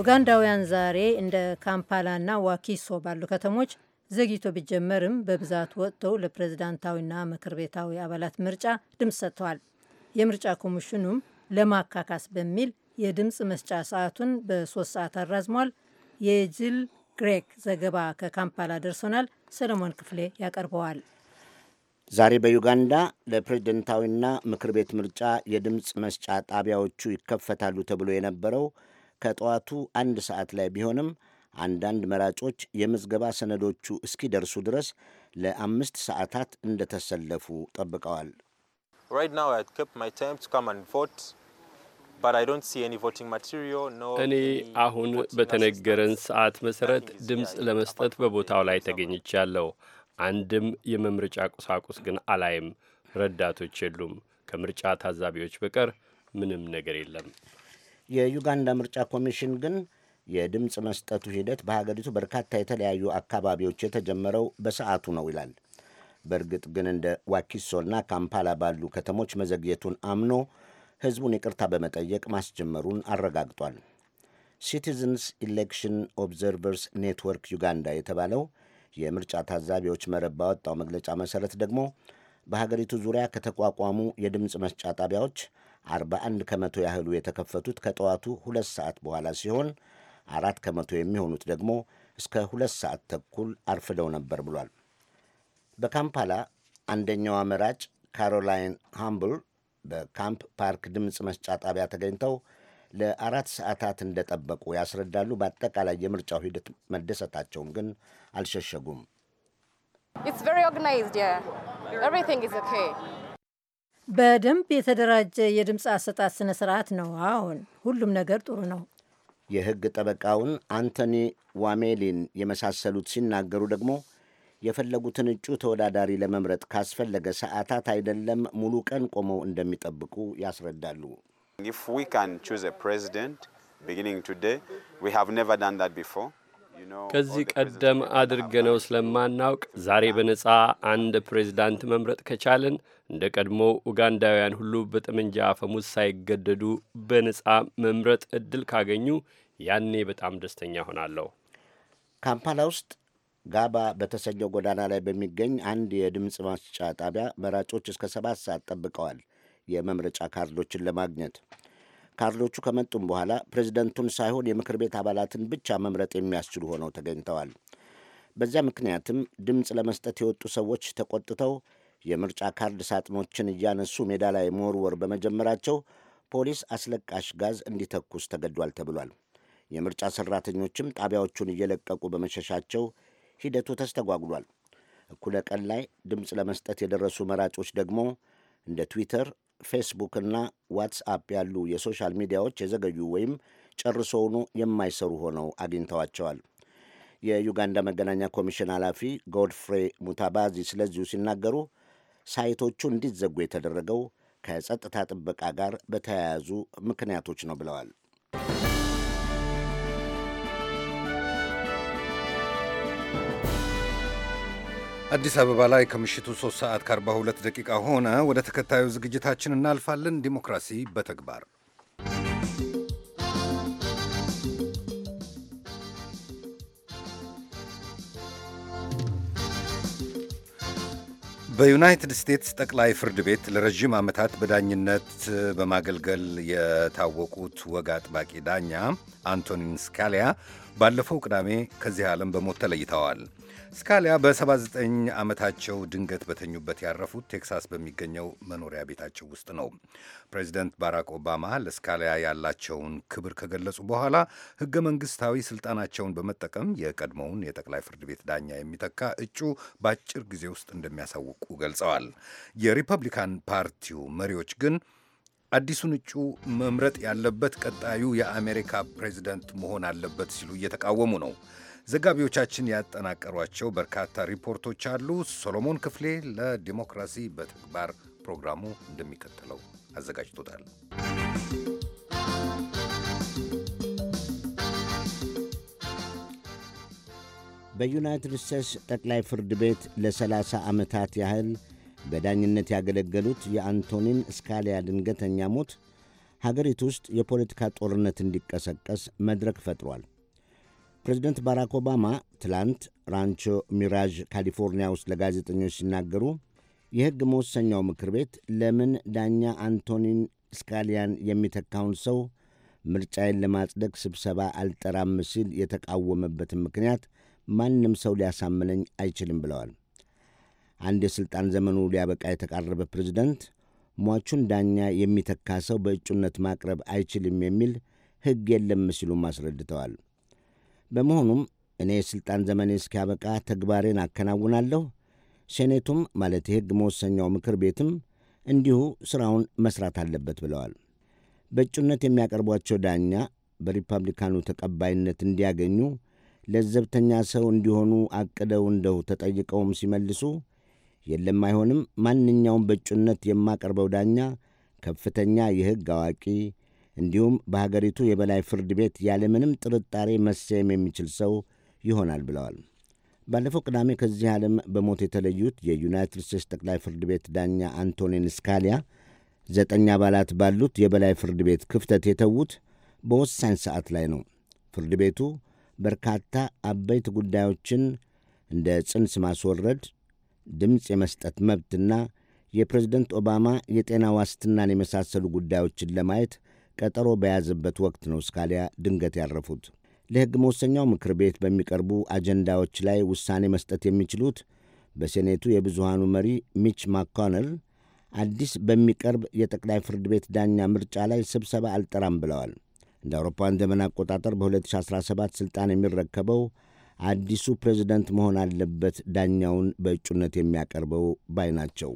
A: ኡጋንዳውያን ዛሬ እንደ ካምፓላና ዋኪሶ ባሉ ከተሞች ዘግይቶ ቢጀመርም በብዛት ወጥተው ለፕሬዝዳንታዊና ምክር ቤታዊ አባላት ምርጫ ድምፅ ሰጥተዋል። የምርጫ ኮሚሽኑም ለማካካስ በሚል የድምፅ መስጫ ሰዓቱን በሶስት ሰዓት አራዝሟል። የጅል ግሬክ ዘገባ ከካምፓላ ደርሶናል። ሰለሞን ክፍሌ ያቀርበዋል።
K: ዛሬ በዩጋንዳ ለፕሬዝደንታዊና ምክር ቤት ምርጫ የድምፅ መስጫ ጣቢያዎቹ ይከፈታሉ ተብሎ የነበረው ከጠዋቱ አንድ ሰዓት ላይ ቢሆንም አንዳንድ መራጮች የምዝገባ ሰነዶቹ እስኪደርሱ ድረስ ለአምስት ሰዓታት እንደተሰለፉ ጠብቀዋል።
C: እኔ
D: አሁን በተነገረን ሰዓት መሠረት ድምፅ ለመስጠት በቦታው ላይ ተገኝቻለሁ። አንድም የመምረጫ ቁሳቁስ ግን አላይም። ረዳቶች የሉም። ከምርጫ ታዛቢዎች በቀር ምንም ነገር የለም።
K: የዩጋንዳ ምርጫ ኮሚሽን ግን የድምፅ መስጠቱ ሂደት በሀገሪቱ በርካታ የተለያዩ አካባቢዎች የተጀመረው በሰዓቱ ነው ይላል። በእርግጥ ግን እንደ ዋኪሶና ካምፓላ ባሉ ከተሞች መዘግየቱን አምኖ ሕዝቡን ይቅርታ በመጠየቅ ማስጀመሩን አረጋግጧል። ሲቲዝንስ ኢሌክሽን ኦብዘርቨርስ ኔትወርክ ዩጋንዳ የተባለው የምርጫ ታዛቢዎች መረብ ባወጣው መግለጫ መሠረት ደግሞ በሀገሪቱ ዙሪያ ከተቋቋሙ የድምፅ መስጫ ጣቢያዎች 41 ከመቶ ያህሉ የተከፈቱት ከጠዋቱ ሁለት ሰዓት በኋላ ሲሆን አራት ከመቶ የሚሆኑት ደግሞ እስከ ሁለት ሰዓት ተኩል አርፍደው ነበር ብሏል። በካምፓላ አንደኛዋ መራጭ ካሮላይን ሃምብል በካምፕ ፓርክ ድምፅ መስጫ ጣቢያ ተገኝተው ለአራት ሰዓታት እንደጠበቁ ያስረዳሉ። በአጠቃላይ የምርጫው ሂደት መደሰታቸውን ግን አልሸሸጉም።
A: በደንብ የተደራጀ የድምፅ አሰጣት ስነ ስርዓት ነው። አሁን ሁሉም ነገር ጥሩ ነው።
E: የሕግ
K: ጠበቃውን አንቶኒ ዋሜሊን የመሳሰሉት ሲናገሩ ደግሞ የፈለጉትን እጩ ተወዳዳሪ ለመምረጥ ካስፈለገ ሰዓታት አይደለም ሙሉ ቀን ቆመው እንደሚጠብቁ
D: ያስረዳሉ። ከዚህ ቀደም አድርገነው ስለማናውቅ ዛሬ በነጻ አንድ ፕሬዝዳንት መምረጥ ከቻልን እንደ ቀድሞ ኡጋንዳውያን ሁሉ በጠመንጃ አፈሙዝ ሳይገደዱ በነጻ መምረጥ እድል ካገኙ ያኔ በጣም ደስተኛ ሆናለሁ።
K: ካምፓላ ውስጥ ጋባ በተሰኘው ጎዳና ላይ በሚገኝ አንድ የድምፅ ማስጫ ጣቢያ መራጮች እስከ ሰባት ሰዓት ጠብቀዋል የመምረጫ ካርዶችን ለማግኘት። ካርዶቹ ከመጡም በኋላ ፕሬዚደንቱን ሳይሆን የምክር ቤት አባላትን ብቻ መምረጥ የሚያስችሉ ሆነው ተገኝተዋል። በዚያ ምክንያትም ድምፅ ለመስጠት የወጡ ሰዎች ተቆጥተው የምርጫ ካርድ ሳጥኖችን እያነሱ ሜዳ ላይ መወርወር በመጀመራቸው ፖሊስ አስለቃሽ ጋዝ እንዲተኩስ ተገዷል ተብሏል። የምርጫ ሠራተኞችም ጣቢያዎቹን እየለቀቁ በመሸሻቸው ሂደቱ ተስተጓጉሏል። እኩለ ቀን ላይ ድምፅ ለመስጠት የደረሱ መራጮች ደግሞ እንደ ትዊተር፣ ፌስቡክ እና ዋትስአፕ ያሉ የሶሻል ሚዲያዎች የዘገዩ ወይም ጨርሶውኑ የማይሰሩ ሆነው አግኝተዋቸዋል። የዩጋንዳ መገናኛ ኮሚሽን ኃላፊ ጎድፍሬ ሙታባዚ ስለዚሁ ሲናገሩ ሳይቶቹ እንዲዘጉ የተደረገው ከጸጥታ ጥበቃ ጋር በተያያዙ ምክንያቶች ነው ብለዋል።
B: አዲስ አበባ ላይ ከምሽቱ 3 ሰዓት ከ42 ደቂቃ ሆነ። ወደ ተከታዩ ዝግጅታችን እናልፋለን። ዲሞክራሲ በተግባር በዩናይትድ ስቴትስ ጠቅላይ ፍርድ ቤት ለረዥም ዓመታት በዳኝነት በማገልገል የታወቁት ወግ አጥባቂ ዳኛ አንቶኒን ስካሊያ ባለፈው ቅዳሜ ከዚህ ዓለም በሞት ተለይተዋል። ስካሊያ በ79 ዓመታቸው ድንገት በተኙበት ያረፉት ቴክሳስ በሚገኘው መኖሪያ ቤታቸው ውስጥ ነው። ፕሬዚደንት ባራክ ኦባማ ለስካሊያ ያላቸውን ክብር ከገለጹ በኋላ ሕገ መንግሥታዊ ስልጣናቸውን በመጠቀም የቀድሞውን የጠቅላይ ፍርድ ቤት ዳኛ የሚተካ እጩ በአጭር ጊዜ ውስጥ እንደሚያሳውቁ ገልጸዋል። የሪፐብሊካን ፓርቲው መሪዎች ግን አዲሱን እጩ መምረጥ ያለበት ቀጣዩ የአሜሪካ ፕሬዚደንት መሆን አለበት ሲሉ እየተቃወሙ ነው። ዘጋቢዎቻችን ያጠናቀሯቸው በርካታ ሪፖርቶች አሉ። ሶሎሞን ክፍሌ ለዲሞክራሲ በተግባር ፕሮግራሙ እንደሚከተለው አዘጋጅቶታል።
K: በዩናይትድ ስቴትስ ጠቅላይ ፍርድ ቤት ለ30 ዓመታት ያህል በዳኝነት ያገለገሉት የአንቶኒን ስካሊያ ድንገተኛ ሞት ሀገሪቱ ውስጥ የፖለቲካ ጦርነት እንዲቀሰቀስ መድረክ ፈጥሯል። ፕሬዚደንት ባራክ ኦባማ ትላንት ራንቾ ሚራዥ ካሊፎርኒያ ውስጥ ለጋዜጠኞች ሲናገሩ የሕግ መወሰኛው ምክር ቤት ለምን ዳኛ አንቶኒን ስካሊያን የሚተካውን ሰው ምርጫዬን ለማጽደቅ ስብሰባ አልጠራም ሲል የተቃወመበትን ምክንያት ማንም ሰው ሊያሳምነኝ አይችልም ብለዋል። አንድ የሥልጣን ዘመኑ ሊያበቃ የተቃረበ ፕሬዚደንት ሟቹን ዳኛ የሚተካ ሰው በእጩነት ማቅረብ አይችልም የሚል ሕግ የለም ሲሉም አስረድተዋል። በመሆኑም እኔ የሥልጣን ዘመኔ እስኪያበቃ ተግባሬን አከናውናለሁ። ሴኔቱም ማለት የሕግ መወሰኛው ምክር ቤትም እንዲሁ ሥራውን መሥራት አለበት ብለዋል። በእጩነት የሚያቀርቧቸው ዳኛ በሪፐብሊካኑ ተቀባይነት እንዲያገኙ ለዘብተኛ ሰው እንዲሆኑ አቅደው እንደው ተጠይቀውም ሲመልሱ የለም አይሆንም፣ ማንኛውም በእጩነት የማቀርበው ዳኛ ከፍተኛ የሕግ አዋቂ እንዲሁም በሀገሪቱ የበላይ ፍርድ ቤት ያለምንም ጥርጣሬ መሰየም የሚችል ሰው ይሆናል ብለዋል። ባለፈው ቅዳሜ ከዚህ ዓለም በሞት የተለዩት የዩናይትድ ስቴትስ ጠቅላይ ፍርድ ቤት ዳኛ አንቶኒን ስካሊያ ዘጠኝ አባላት ባሉት የበላይ ፍርድ ቤት ክፍተት የተዉት በወሳኝ ሰዓት ላይ ነው። ፍርድ ቤቱ በርካታ አበይት ጉዳዮችን እንደ ጽንስ ማስወረድ፣ ድምፅ የመስጠት መብትና የፕሬዝደንት ኦባማ የጤና ዋስትናን የመሳሰሉ ጉዳዮችን ለማየት ቀጠሮ በያዘበት ወቅት ነው እስካሊያ ድንገት ያረፉት። ለሕግ መወሰኛው ምክር ቤት በሚቀርቡ አጀንዳዎች ላይ ውሳኔ መስጠት የሚችሉት በሴኔቱ የብዙሃኑ መሪ ሚች ማኮነር አዲስ በሚቀርብ የጠቅላይ ፍርድ ቤት ዳኛ ምርጫ ላይ ስብሰባ አልጠራም ብለዋል። እንደ አውሮፓውያን ዘመን አቆጣጠር በ2017 ሥልጣን የሚረከበው አዲሱ ፕሬዝደንት መሆን አለበት ዳኛውን በእጩነት የሚያቀርበው ባይ ናቸው።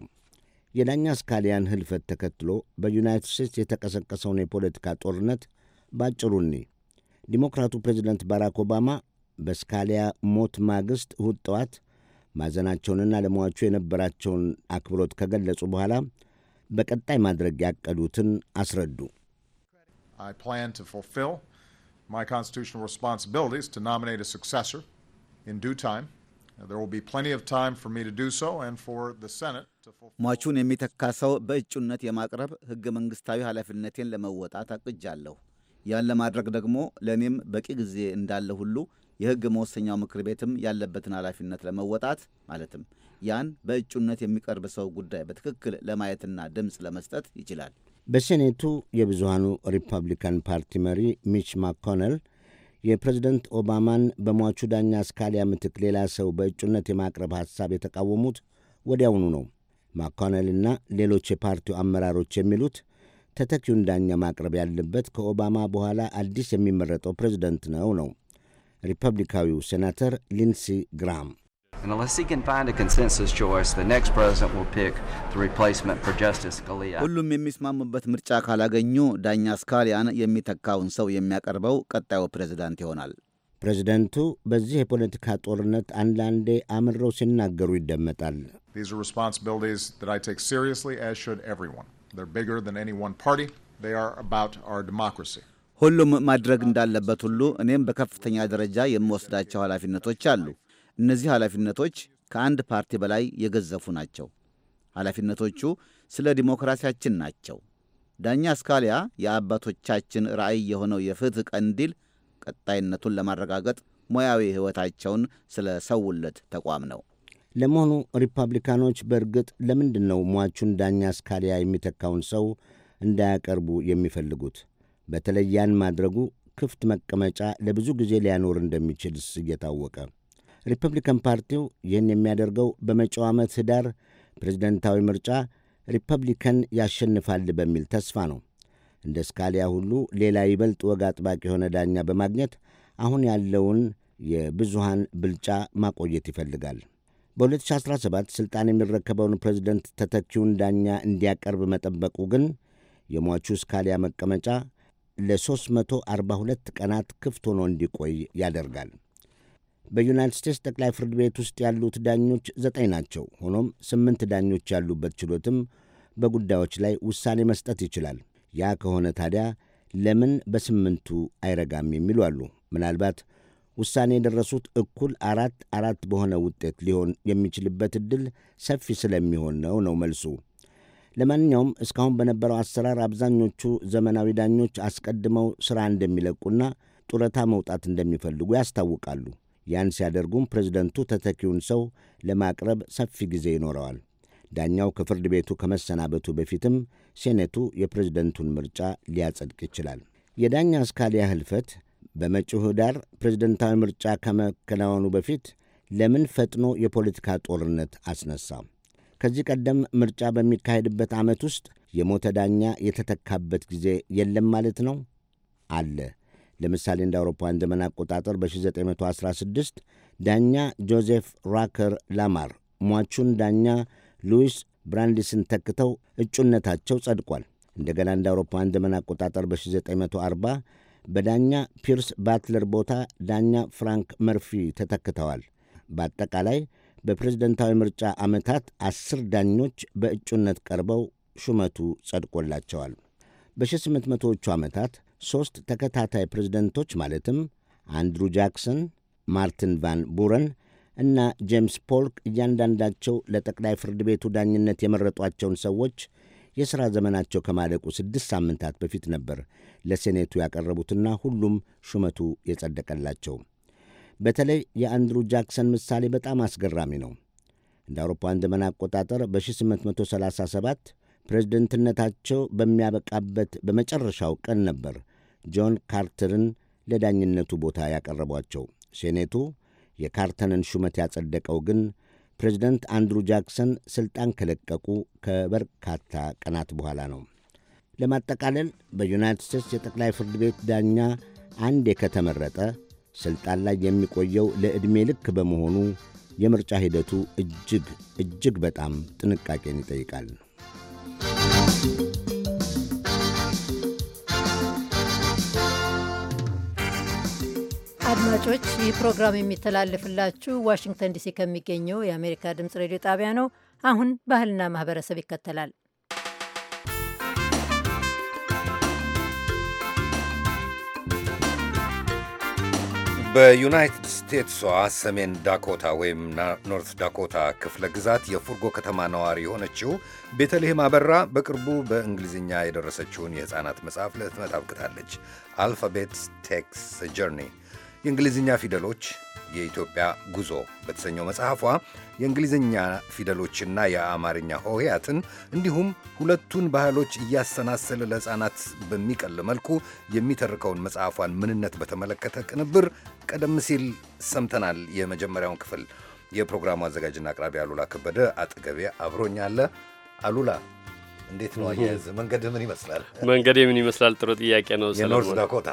K: የዳኛ ስካሊያን ህልፈት ተከትሎ በዩናይትድ ስቴትስ የተቀሰቀሰውን የፖለቲካ ጦርነት ባጭሩኒ ዲሞክራቱ ፕሬዚደንት ባራክ ኦባማ በስካሊያ ሞት ማግስት እሁድ ጠዋት ማዘናቸውንና ለሟቹ የነበራቸውን አክብሮት ከገለጹ በኋላ በቀጣይ ማድረግ ያቀዱትን አስረዱ።
J: ታይም ሟቹን የሚተካ ሰው በእጩነት የማቅረብ ሕገ መንግሥታዊ ኃላፊነቴን ለመወጣት አቅጃለሁ። ያን ለማድረግ ደግሞ ለእኔም በቂ ጊዜ እንዳለ ሁሉ የሕግ መወሰኛው ምክር ቤትም ያለበትን ኃላፊነት ለመወጣት ማለትም ያን በእጩነት የሚቀርብ ሰው ጉዳይ በትክክል ለማየትና ድምፅ ለመስጠት ይችላል።
K: በሴኔቱ የብዙሃኑ ሪፐብሊካን ፓርቲ መሪ ሚች ማኮነል የፕሬዝደንት ኦባማን በሟቹ ዳኛ ስካሊያ ምትክ ሌላ ሰው በእጩነት የማቅረብ ሐሳብ የተቃወሙት ወዲያውኑ ነው። ማኮነልና ሌሎች የፓርቲው አመራሮች የሚሉት ተተኪውን ዳኛ ማቅረብ ያለበት ከኦባማ በኋላ አዲስ የሚመረጠው ፕሬዝደንት ነው ነው ሪፐብሊካዊው ሴናተር ሊንሲ ግራም
J: ሁሉም የሚስማሙበት ምርጫ ካላገኙ ዳኛ ስካሊያን የሚተካውን ሰው የሚያቀርበው ቀጣዩ ፕሬዝዳንት ይሆናል።
K: ፕሬዝደንቱ በዚህ የፖለቲካ ጦርነት አንዳንዴ አምረው ሲናገሩ
J: ይደመጣል። ሁሉም ማድረግ እንዳለበት ሁሉ እኔም በከፍተኛ ደረጃ የምወስዳቸው ኃላፊነቶች አሉ። እነዚህ ኃላፊነቶች ከአንድ ፓርቲ በላይ የገዘፉ ናቸው። ኃላፊነቶቹ ስለ ዲሞክራሲያችን ናቸው። ዳኛ ስካሊያ የአባቶቻችን ራዕይ የሆነው የፍትህ ቀንዲል ቀጣይነቱን ለማረጋገጥ ሙያዊ ሕይወታቸውን ስለ ሰውለት ተቋም ነው። ለመሆኑ
K: ሪፐብሊካኖች በእርግጥ ለምንድን ነው ሟቹን ዳኛ ስካሊያ የሚተካውን ሰው እንዳያቀርቡ የሚፈልጉት? በተለይ ያን ማድረጉ ክፍት መቀመጫ ለብዙ ጊዜ ሊያኖር እንደሚችልስ እየታወቀ ሪፐብሊካን ፓርቲው ይህን የሚያደርገው በመጪው ዓመት ህዳር ፕሬዝደንታዊ ምርጫ ሪፐብሊካን ያሸንፋል በሚል ተስፋ ነው። እንደ ስካሊያ ሁሉ ሌላ ይበልጥ ወግ አጥባቂ የሆነ ዳኛ በማግኘት አሁን ያለውን የብዙሃን ብልጫ ማቆየት ይፈልጋል። በ2017 ሥልጣን የሚረከበውን ፕሬዝደንት ተተኪውን ዳኛ እንዲያቀርብ መጠበቁ ግን የሟቹ ስካሊያ መቀመጫ ለ342 ቀናት ክፍት ሆኖ እንዲቆይ ያደርጋል። በዩናይትድ ስቴትስ ጠቅላይ ፍርድ ቤት ውስጥ ያሉት ዳኞች ዘጠኝ ናቸው። ሆኖም ስምንት ዳኞች ያሉበት ችሎትም በጉዳዮች ላይ ውሳኔ መስጠት ይችላል። ያ ከሆነ ታዲያ ለምን በስምንቱ አይረጋም የሚሉ አሉ። ምናልባት ውሳኔ የደረሱት እኩል አራት አራት በሆነ ውጤት ሊሆን የሚችልበት ዕድል ሰፊ ስለሚሆን ነው ነው መልሱ። ለማንኛውም እስካሁን በነበረው አሰራር አብዛኞቹ ዘመናዊ ዳኞች አስቀድመው ሥራ እንደሚለቁና ጡረታ መውጣት እንደሚፈልጉ ያስታውቃሉ። ያን ሲያደርጉም ፕሬዝደንቱ ተተኪውን ሰው ለማቅረብ ሰፊ ጊዜ ይኖረዋል። ዳኛው ከፍርድ ቤቱ ከመሰናበቱ በፊትም ሴኔቱ የፕሬዝደንቱን ምርጫ ሊያጸድቅ ይችላል። የዳኛ አስካሊያ ህልፈት በመጪው ኅዳር ፕሬዝደንታዊ ምርጫ ከመከናወኑ በፊት ለምን ፈጥኖ የፖለቲካ ጦርነት አስነሳ? ከዚህ ቀደም ምርጫ በሚካሄድበት ዓመት ውስጥ የሞተ ዳኛ የተተካበት ጊዜ የለም ማለት ነው? አለ። ለምሳሌ እንደ አውሮፓውያን ዘመን አቆጣጠር በ1916 ዳኛ ጆዜፍ ራከር ላማር ሟቹን ዳኛ ሉዊስ ብራንዲስን ተክተው እጩነታቸው ጸድቋል። እንደገና እንደ አውሮፓውያን ዘመን አቆጣጠር በ1940 በዳኛ ፒርስ ባትለር ቦታ ዳኛ ፍራንክ መርፊ ተተክተዋል። በአጠቃላይ በፕሬዝደንታዊ ምርጫ ዓመታት አስር ዳኞች በእጩነት ቀርበው ሹመቱ ጸድቆላቸዋል። በ1800ዎቹ ዓመታት ሦስት ተከታታይ ፕሬዝደንቶች ማለትም አንድሩ ጃክሰን፣ ማርቲን ቫን ቡረን እና ጄምስ ፖልክ እያንዳንዳቸው ለጠቅላይ ፍርድ ቤቱ ዳኝነት የመረጧቸውን ሰዎች የሥራ ዘመናቸው ከማለቁ ስድስት ሳምንታት በፊት ነበር ለሴኔቱ ያቀረቡትና ሁሉም ሹመቱ የጸደቀላቸው። በተለይ የአንድሩ ጃክሰን ምሳሌ በጣም አስገራሚ ነው። እንደ አውሮፓውያን ዘመን አቆጣጠር በ1837 ፕሬዝደንትነታቸው በሚያበቃበት በመጨረሻው ቀን ነበር ጆን ካርተርን ለዳኝነቱ ቦታ ያቀረቧቸው። ሴኔቱ የካርተንን ሹመት ያጸደቀው ግን ፕሬዝደንት አንድሩ ጃክሰን ሥልጣን ከለቀቁ ከበርካታ ቀናት በኋላ ነው። ለማጠቃለል በዩናይትድ ስቴትስ የጠቅላይ ፍርድ ቤት ዳኛ አንዴ ከተመረጠ ሥልጣን ላይ የሚቆየው ለዕድሜ ልክ በመሆኑ የምርጫ ሂደቱ እጅግ እጅግ በጣም ጥንቃቄን ይጠይቃል።
A: አድማጮች ይህ ፕሮግራም የሚተላለፍላችሁ ዋሽንግተን ዲሲ ከሚገኘው የአሜሪካ ድምፅ ሬዲዮ ጣቢያ ነው። አሁን ባህልና ማህበረሰብ ይከተላል።
B: በዩናይትድ ስቴትሷ ሰሜን ዳኮታ ወይም ኖርት ዳኮታ ክፍለ ግዛት የፉርጎ ከተማ ነዋሪ የሆነችው ቤተልሔም አበራ በቅርቡ በእንግሊዝኛ የደረሰችውን የሕፃናት መጽሐፍ ለህትመት አብቅታለች። አልፋቤት ቴክስ ጀርኒ የእንግሊዝኛ ፊደሎች የኢትዮጵያ ጉዞ በተሰኘው መጽሐፏ የእንግሊዝኛ ፊደሎችና የአማርኛ ሆሄያትን እንዲሁም ሁለቱን ባህሎች እያሰናሰለ ለሕፃናት በሚቀል መልኩ የሚተርከውን መጽሐፏን ምንነት በተመለከተ ቅንብር ቀደም ሲል ሰምተናል። የመጀመሪያውን ክፍል የፕሮግራሙ አዘጋጅና አቅራቢ አሉላ ከበደ አጠገቤ አብሮኛለ። አሉላ እንዴት ነው አያያዝ? መንገድ ምን ይመስላል?
D: መንገድ ምን ይመስላል? ጥሩ ጥያቄ ነው የኖርዝ ዳኮታ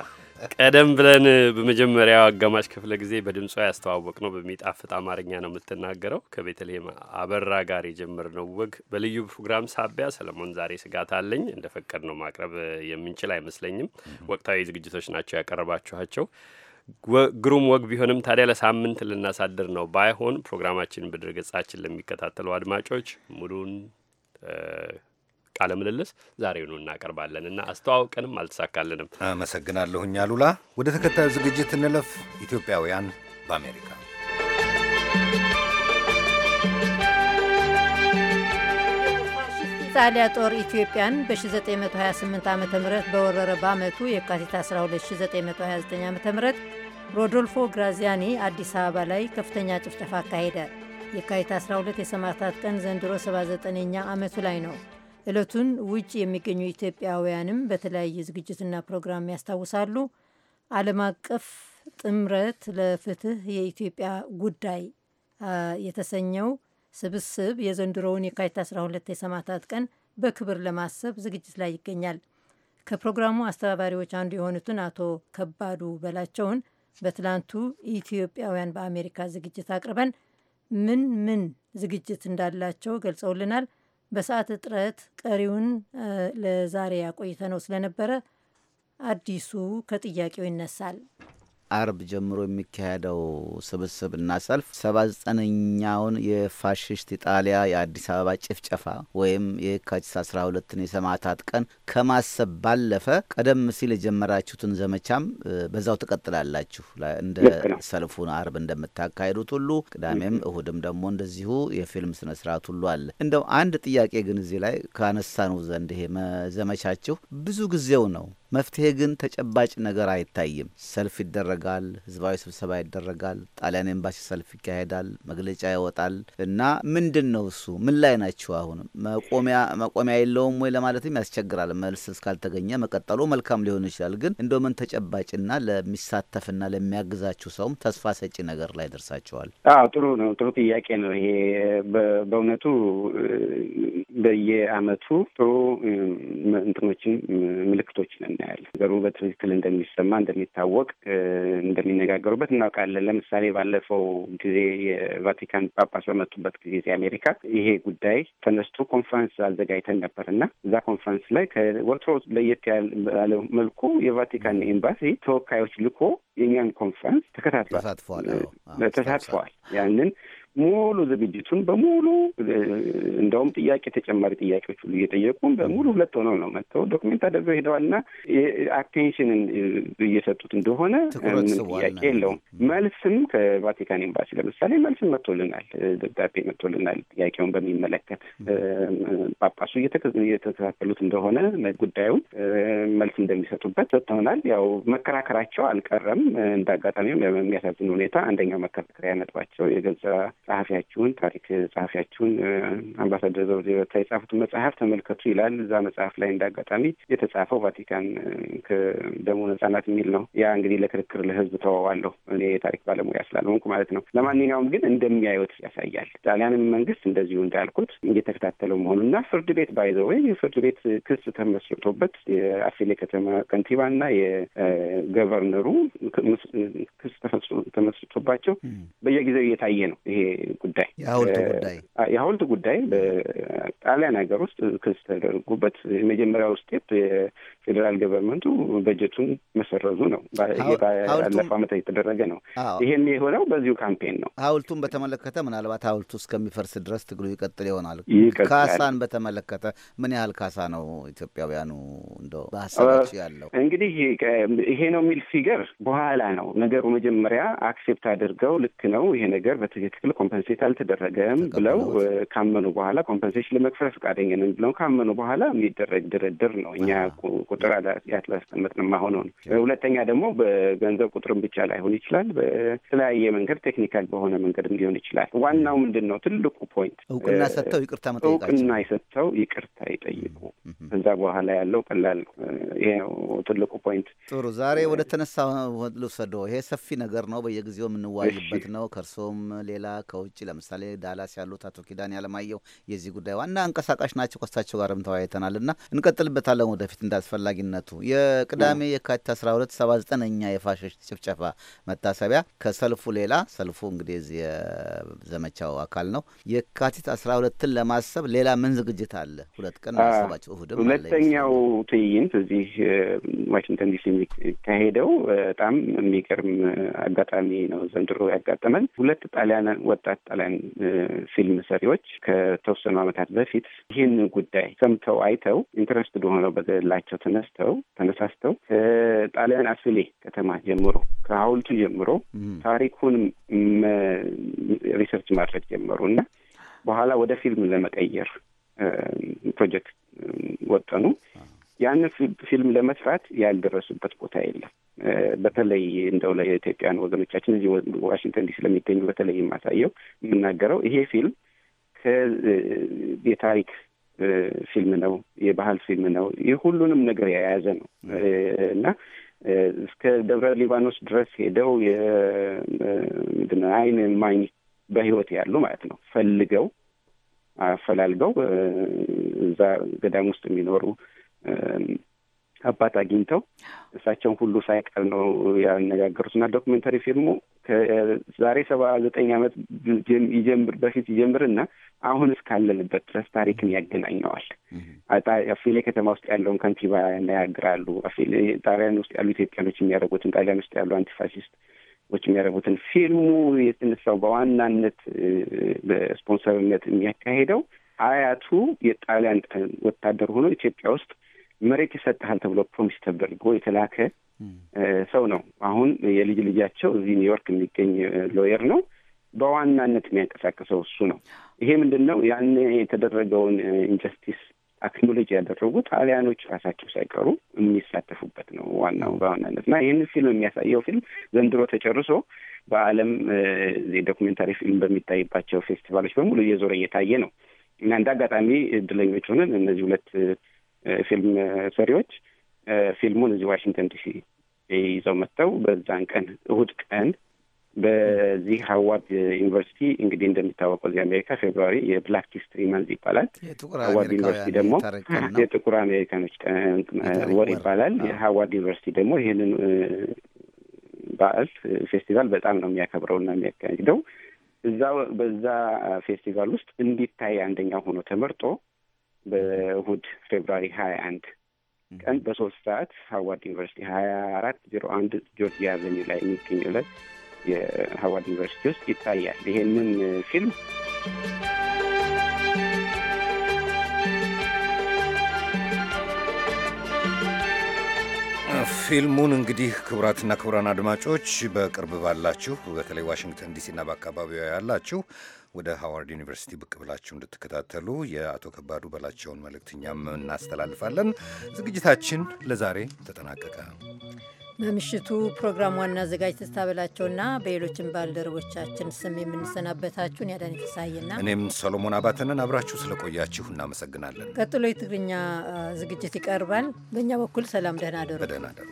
D: ቀደም ብለን በመጀመሪያው አጋማሽ ክፍለ ጊዜ በድምጿ ያስተዋወቅ ነው በሚጣፍጥ አማርኛ ነው የምትናገረው። ከቤተልሔም አበራ ጋር የጀመርነው ወግ በልዩ ፕሮግራም ሳቢያ ሰለሞን ዛሬ ስጋት አለኝ እንደፈቀድ ነው ማቅረብ የምንችል አይመስለኝም። ወቅታዊ ዝግጅቶች ናቸው ያቀረባችኋቸው። ግሩም ወግ ቢሆንም ታዲያ ለሳምንት ልናሳድር ነው። ባይሆን ፕሮግራማችን በድረገጻችን ለሚከታተሉ አድማጮች ሙሉን ቃለ ምልልስ ዛሬውኑ እናቀርባለን
B: እና አስተዋውቀንም
D: አልተሳካልንም።
B: አመሰግናለሁኝ አሉላ። ወደ ተከታዩ ዝግጅት እንለፍ። ኢትዮጵያውያን በአሜሪካ
A: የጣሊያ ጦር ኢትዮጵያን በ1928 ዓ ም በወረረ በአመቱ የካቲት 12929 ዓ ም ሮዶልፎ ግራዚያኒ አዲስ አበባ ላይ ከፍተኛ ጭፍጨፋ አካሄደ። የካቲት 12 የሰማዕታት ቀን ዘንድሮ 79ኛ ዓመቱ ላይ ነው። እለቱን ውጭ የሚገኙ ኢትዮጵያውያንም በተለያየ ዝግጅትና ፕሮግራም ያስታውሳሉ። ዓለም አቀፍ ጥምረት ለፍትህ የኢትዮጵያ ጉዳይ የተሰኘው ስብስብ የዘንድሮውን የካቲት 12 የሰማዕታት ቀን በክብር ለማሰብ ዝግጅት ላይ ይገኛል። ከፕሮግራሙ አስተባባሪዎች አንዱ የሆኑትን አቶ ከባዱ በላቸውን በትላንቱ ኢትዮጵያውያን በአሜሪካ ዝግጅት አቅርበን ምን ምን ዝግጅት እንዳላቸው ገልጸውልናል። በሰዓት እጥረት ቀሪውን ለዛሬ ያቆይተ ነው ስለነበረ አዲሱ ከጥያቄው ይነሳል።
J: አርብ ጀምሮ የሚካሄደው እና ሰልፍ ሰባ ዘጠነኛውን የፋሽስት ኢጣሊያ የአዲስ አበባ ጭፍጨፋ ወይም የካቲት አስራ ሁለትን የሰማዕታት ቀን ከማሰብ ባለፈ ቀደም ሲል የጀመራችሁትን ዘመቻም በዛው ትቀጥላላችሁ። እንደ ሰልፉን አርብ እንደምታካሄዱት ሁሉ ቅዳሜም እሁድም ደግሞ እንደዚሁ የፊልም ስነ ስርዓት ሁሉ አለ። እንደው አንድ ጥያቄ ግን እዚህ ላይ ካነሳነው ዘንድ ይሄ ዘመቻችሁ ብዙ ጊዜው ነው መፍትሄ ግን ተጨባጭ ነገር አይታይም። ሰልፍ ይደረጋል፣ ህዝባዊ ስብሰባ ይደረጋል፣ ጣሊያን ኤምባሲ ሰልፍ ይካሄዳል፣ መግለጫ ይወጣል እና ምንድን ነው እሱ? ምን ላይ ናቸው አሁንም መቆሚያ መቆሚያ የለውም ወይ ለማለትም ያስቸግራል። መልስ እስካልተገኘ መቀጠሉ መልካም ሊሆን ይችላል። ግን እንደምን ተጨባጭና ለሚሳተፍና ለሚያግዛችሁ ሰውም ተስፋ ሰጪ ነገር ላይ ደርሳችኋል?
I: ጥሩ ነው። ጥሩ ጥያቄ ነው ይሄ በእውነቱ በየአመቱ ጥሩ እንትኖችን ነን እናያለን። ነገሩ በትክክል እንደሚሰማ እንደሚታወቅ፣ እንደሚነጋገሩበት እናውቃለን። ለምሳሌ ባለፈው ጊዜ የቫቲካን ጳጳስ በመጡበት ጊዜ አሜሪካ ይሄ ጉዳይ ተነስቶ ኮንፈረንስ አዘጋጅተን ነበር እና እዛ ኮንፈረንስ ላይ ከወትሮ ለየት ያለ መልኩ የቫቲካን ኤምባሲ ተወካዮች ልኮ የእኛን ኮንፈረንስ ተከታትሏል፣ ተሳትፈዋል። ያንን ሙሉ ዝግጅቱን በሙሉ እንደውም ጥያቄ ተጨማሪ ጥያቄዎች ሁሉ እየጠየቁን በሙሉ ሁለት ሆነው ነው መጥተው ዶክሜንት አድርገው ሄደዋልና አቴንሽንን እየሰጡት እንደሆነ ምን ጥያቄ የለውም። መልስም ከቫቲካን ኤምባሲ ለምሳሌ መልስም መጥቶልናል፣ ደብዳቤ መጥቶልናል። ጥያቄውን በሚመለከት ጳጳሱ እየተከታተሉት እንደሆነ ጉዳዩን መልስ እንደሚሰጡበት ሰጥተውናል። ያው መከራከራቸው አልቀረም። እንደ አጋጣሚም የሚያሳዝን ሁኔታ አንደኛው መከራከሪያ ነጥባቸው የገዛ ጸሐፊያችሁን ታሪክ ጸሐፊያችሁን አምባሳደር ዘውዴ በታ የጻፉትን መጽሐፍ ተመልከቱ ይላል። እዛ መጽሐፍ ላይ እንዳጋጣሚ የተጻፈው ቫቲካን ከደሞን ነጻናት የሚል ነው። ያ እንግዲህ ለክርክር ለህዝብ ተወዋለሁ እኔ የታሪክ ባለሙያ ስላልሆንኩ ማለት ነው። ለማንኛውም ግን እንደሚያዩት ያሳያል። ጣሊያንም መንግስት እንደዚሁ እንዳልኩት እየተከታተለው መሆኑና ፍርድ ቤት ባይዘው ወይ ፍርድ ቤት ክስ ተመስርቶበት የአፌሌ ከተማ ከንቲባና የገቨርነሩ ክስ ተመስርቶባቸው በየጊዜው እየታየ ነው ይሄ ጉዳይ የሀውልት ጉዳይ በጣሊያን ሀገር ውስጥ ክስ ተደርጉበት የመጀመሪያው ስቴፕ ፌዴራል ገቨርንመንቱ በጀቱን መሰረዙ ነው። ባለፈው ዓመት የተደረገ ነው። ይሄም የሆነው በዚሁ ካምፔን ነው።
J: ሀውልቱን በተመለከተ ምናልባት ሀውልቱ እስከሚፈርስ ድረስ ትግሉ ይቀጥል ይሆናል። ካሳን በተመለከተ ምን ያህል ካሳ ነው ኢትዮጵያውያኑ እንደ በሀሳባቸው ያለው?
I: እንግዲህ ይሄ ነው የሚል ፊገር በኋላ ነው ነገሩ። መጀመሪያ አክሴፕት አድርገው ልክ ነው ይሄ ነገር በትክክል ኮምፐንሴት አልተደረገም ብለው ካመኑ በኋላ ኮምፐንሴሽን ለመክፈል ፈቃደኛ ነን ብለው ካመኑ በኋላ የሚደረግ ድርድር ነው እኛ ቁጥር ያስቀመጥን ማሆነው ነው። ሁለተኛ ደግሞ በገንዘብ ቁጥርም ብቻ ላይሆን ይችላል። በተለያየ መንገድ ቴክኒካል በሆነ መንገድም ሊሆን ይችላል። ዋናው ምንድን ነው? ትልቁ ፖይንት እውቅና ሰጥተው ይቅርታ መጠየቃቸው፣ እውቅና የሰጥተው ይቅርታ ይጠይቁ። ከዛ በኋላ ያለው ቀላል ይሄ ነው ትልቁ ፖይንት።
J: ጥሩ። ዛሬ ወደ ተነሳ ልውሰዶ። ይሄ ሰፊ ነገር ነው፣ በየጊዜው የምንዋይበት ነው። ከእርሶም ሌላ ከውጭ ለምሳሌ ዳላስ ያሉት አቶ ኪዳን ያለማየው የዚህ ጉዳይ ዋና አንቀሳቃሽ ናቸው። ከሳቸው ጋርም ተወያይተናል እና እንቀጥልበታለን ወደፊት እንዳስፈላ አስፈላጊነቱ የቅዳሜ የካቲት 12 79ኛ የፋሾች ጭፍጨፋ መታሰቢያ ከሰልፉ ሌላ ሰልፉ እንግዲህ የዘመቻው አካል ነው። የካቲት 12ን ለማሰብ ሌላ ምን ዝግጅት አለ? ሁለት ቀን ማሰባቸው እሁድም ሁለተኛው
I: ትዕይንት እዚህ ዋሽንግተን ዲሲ የሚካሄደው በጣም የሚገርም አጋጣሚ ነው ዘንድሮ ያጋጠመን። ሁለት ጣሊያን ወጣት ጣሊያን ፊልም ሰሪዎች ከተወሰኑ ዓመታት በፊት ይህን ጉዳይ ሰምተው አይተው ኢንትረስትድ ሆነው በገላቸው ተነስተው ተነሳስተው ከጣሊያን አስፍሌ ከተማ ጀምሮ ከሀውልቱ ጀምሮ ታሪኩን ሪሰርች ማድረግ ጀመሩ እና በኋላ ወደ ፊልም ለመቀየር ፕሮጀክት ወጠኑ። ያንን ፊልም ለመስራት ያልደረሱበት ቦታ የለም። በተለይ እንደው ለኢትዮጵያን ወገኖቻችን እዚህ ዋሽንግተን ዲሲ ለሚገኙ በተለይ የማሳየው የምናገረው ይሄ ፊልም የታሪክ ፊልም ነው፣ የባህል ፊልም ነው። ይህ ሁሉንም ነገር የያዘ ነው እና እስከ ደብረ ሊባኖስ ድረስ ሄደው ምንድን ነው አይን ማኝ በህይወት ያሉ ማለት ነው ፈልገው አፈላልገው እዛ ገዳም ውስጥ የሚኖሩ አባት አግኝተው እሳቸውን ሁሉ ሳይቀር ነው ያነጋገሩት እና ዶክመንተሪ ፊልሙ ከዛሬ ሰባ ዘጠኝ ዓመት ይጀምር በፊት ይጀምርና አሁን እስካለንበት ድረስ ታሪክን ያገናኘዋል። አፊሌ ከተማ ውስጥ ያለውን ከንቲባ ያነጋግራሉ። ጣሊያን ውስጥ ያሉ ኢትዮጵያኖች የሚያደርጉትን፣ ጣሊያን ውስጥ ያሉ ዎች የሚያደርጉትን። ፊልሙ የተነሳው በዋናነት በስፖንሰርነት የሚያካሄደው አያቱ የጣሊያን ወታደር ሆኖ ኢትዮጵያ ውስጥ መሬት ይሰጥሃል ተብሎ ፕሮሚስ ተደርጎ የተላከ ሰው ነው። አሁን የልጅ ልጃቸው እዚህ ኒውዮርክ የሚገኝ ሎየር ነው። በዋናነት የሚያንቀሳቀሰው እሱ ነው። ይሄ ምንድን ነው? ያን የተደረገውን ኢንጀስቲስ አክኖሎጂ ያደረጉ ጣሊያኖች ራሳቸው ሳይቀሩ የሚሳተፉበት ነው ዋናው በዋናነት እና ይህን ፊልም የሚያሳየው ፊልም ዘንድሮ ተጨርሶ በዓለም የዶኩሜንታሪ ፊልም በሚታይባቸው ፌስቲቫሎች በሙሉ እየዞረ እየታየ ነው እና እንደ አጋጣሚ እድለኞች ሆነን እነዚህ ሁለት ፊልም ሰሪዎች ፊልሙን እዚህ ዋሽንግተን ዲሲ ይዘው መጥተው በዛን ቀን እሁድ ቀን በዚህ ሀዋርድ ዩኒቨርሲቲ እንግዲህ እንደሚታወቀው እዚህ አሜሪካ ፌብሩዋሪ የብላክ ሂስትሪ መንዝ ይባላል። ሀዋርድ ዩኒቨርሲቲ ደግሞ የጥቁር አሜሪካኖች ወር ይባላል። የሀዋርድ ዩኒቨርሲቲ ደግሞ ይህንን በዓል ፌስቲቫል በጣም ነው የሚያከብረውና የሚያካሂደው። እዛው በዛ ፌስቲቫል ውስጥ እንዲታይ አንደኛው ሆኖ ተመርጦ በእሁድ ፌብራሪ ሀያ አንድ ቀን በሶስት ሰዓት ሀዋርድ ዩኒቨርሲቲ ሀያ አራት ዜሮ አንድ ጆርጂያ አቨኒው ላይ የሚገኝ ዕለት የሀዋርድ ዩኒቨርሲቲ ውስጥ ይታያል። ይሄንን ፊልም
B: ፊልሙን እንግዲህ ክቡራትና ክቡራን አድማጮች በቅርብ ባላችሁ በተለይ ዋሽንግተን ዲሲና በአካባቢዋ ያላችሁ ወደ ሃዋርድ ዩኒቨርሲቲ ብቅ ብላችሁ እንድትከታተሉ የአቶ ከባዱ በላቸውን መልእክት እናስተላልፋለን። ዝግጅታችን ለዛሬ ተጠናቀቀ።
A: በምሽቱ ፕሮግራም ዋና አዘጋጅ ትስታ በሌሎችን ባልደረቦቻችን ስም የምንሰናበታችሁን ያዳኒ ፍሳዬና
B: እኔም ሰሎሞን አባተንን አብራችሁ ስለቆያችሁ እናመሰግናለን።
A: ቀጥሎ የትግርኛ ዝግጅት ይቀርባል። በእኛ በኩል ሰላም፣ ደህና ደሩ፣ ደህና ደሩ።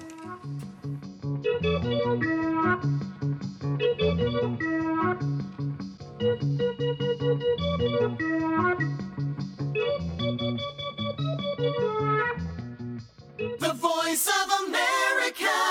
G: Voice of America.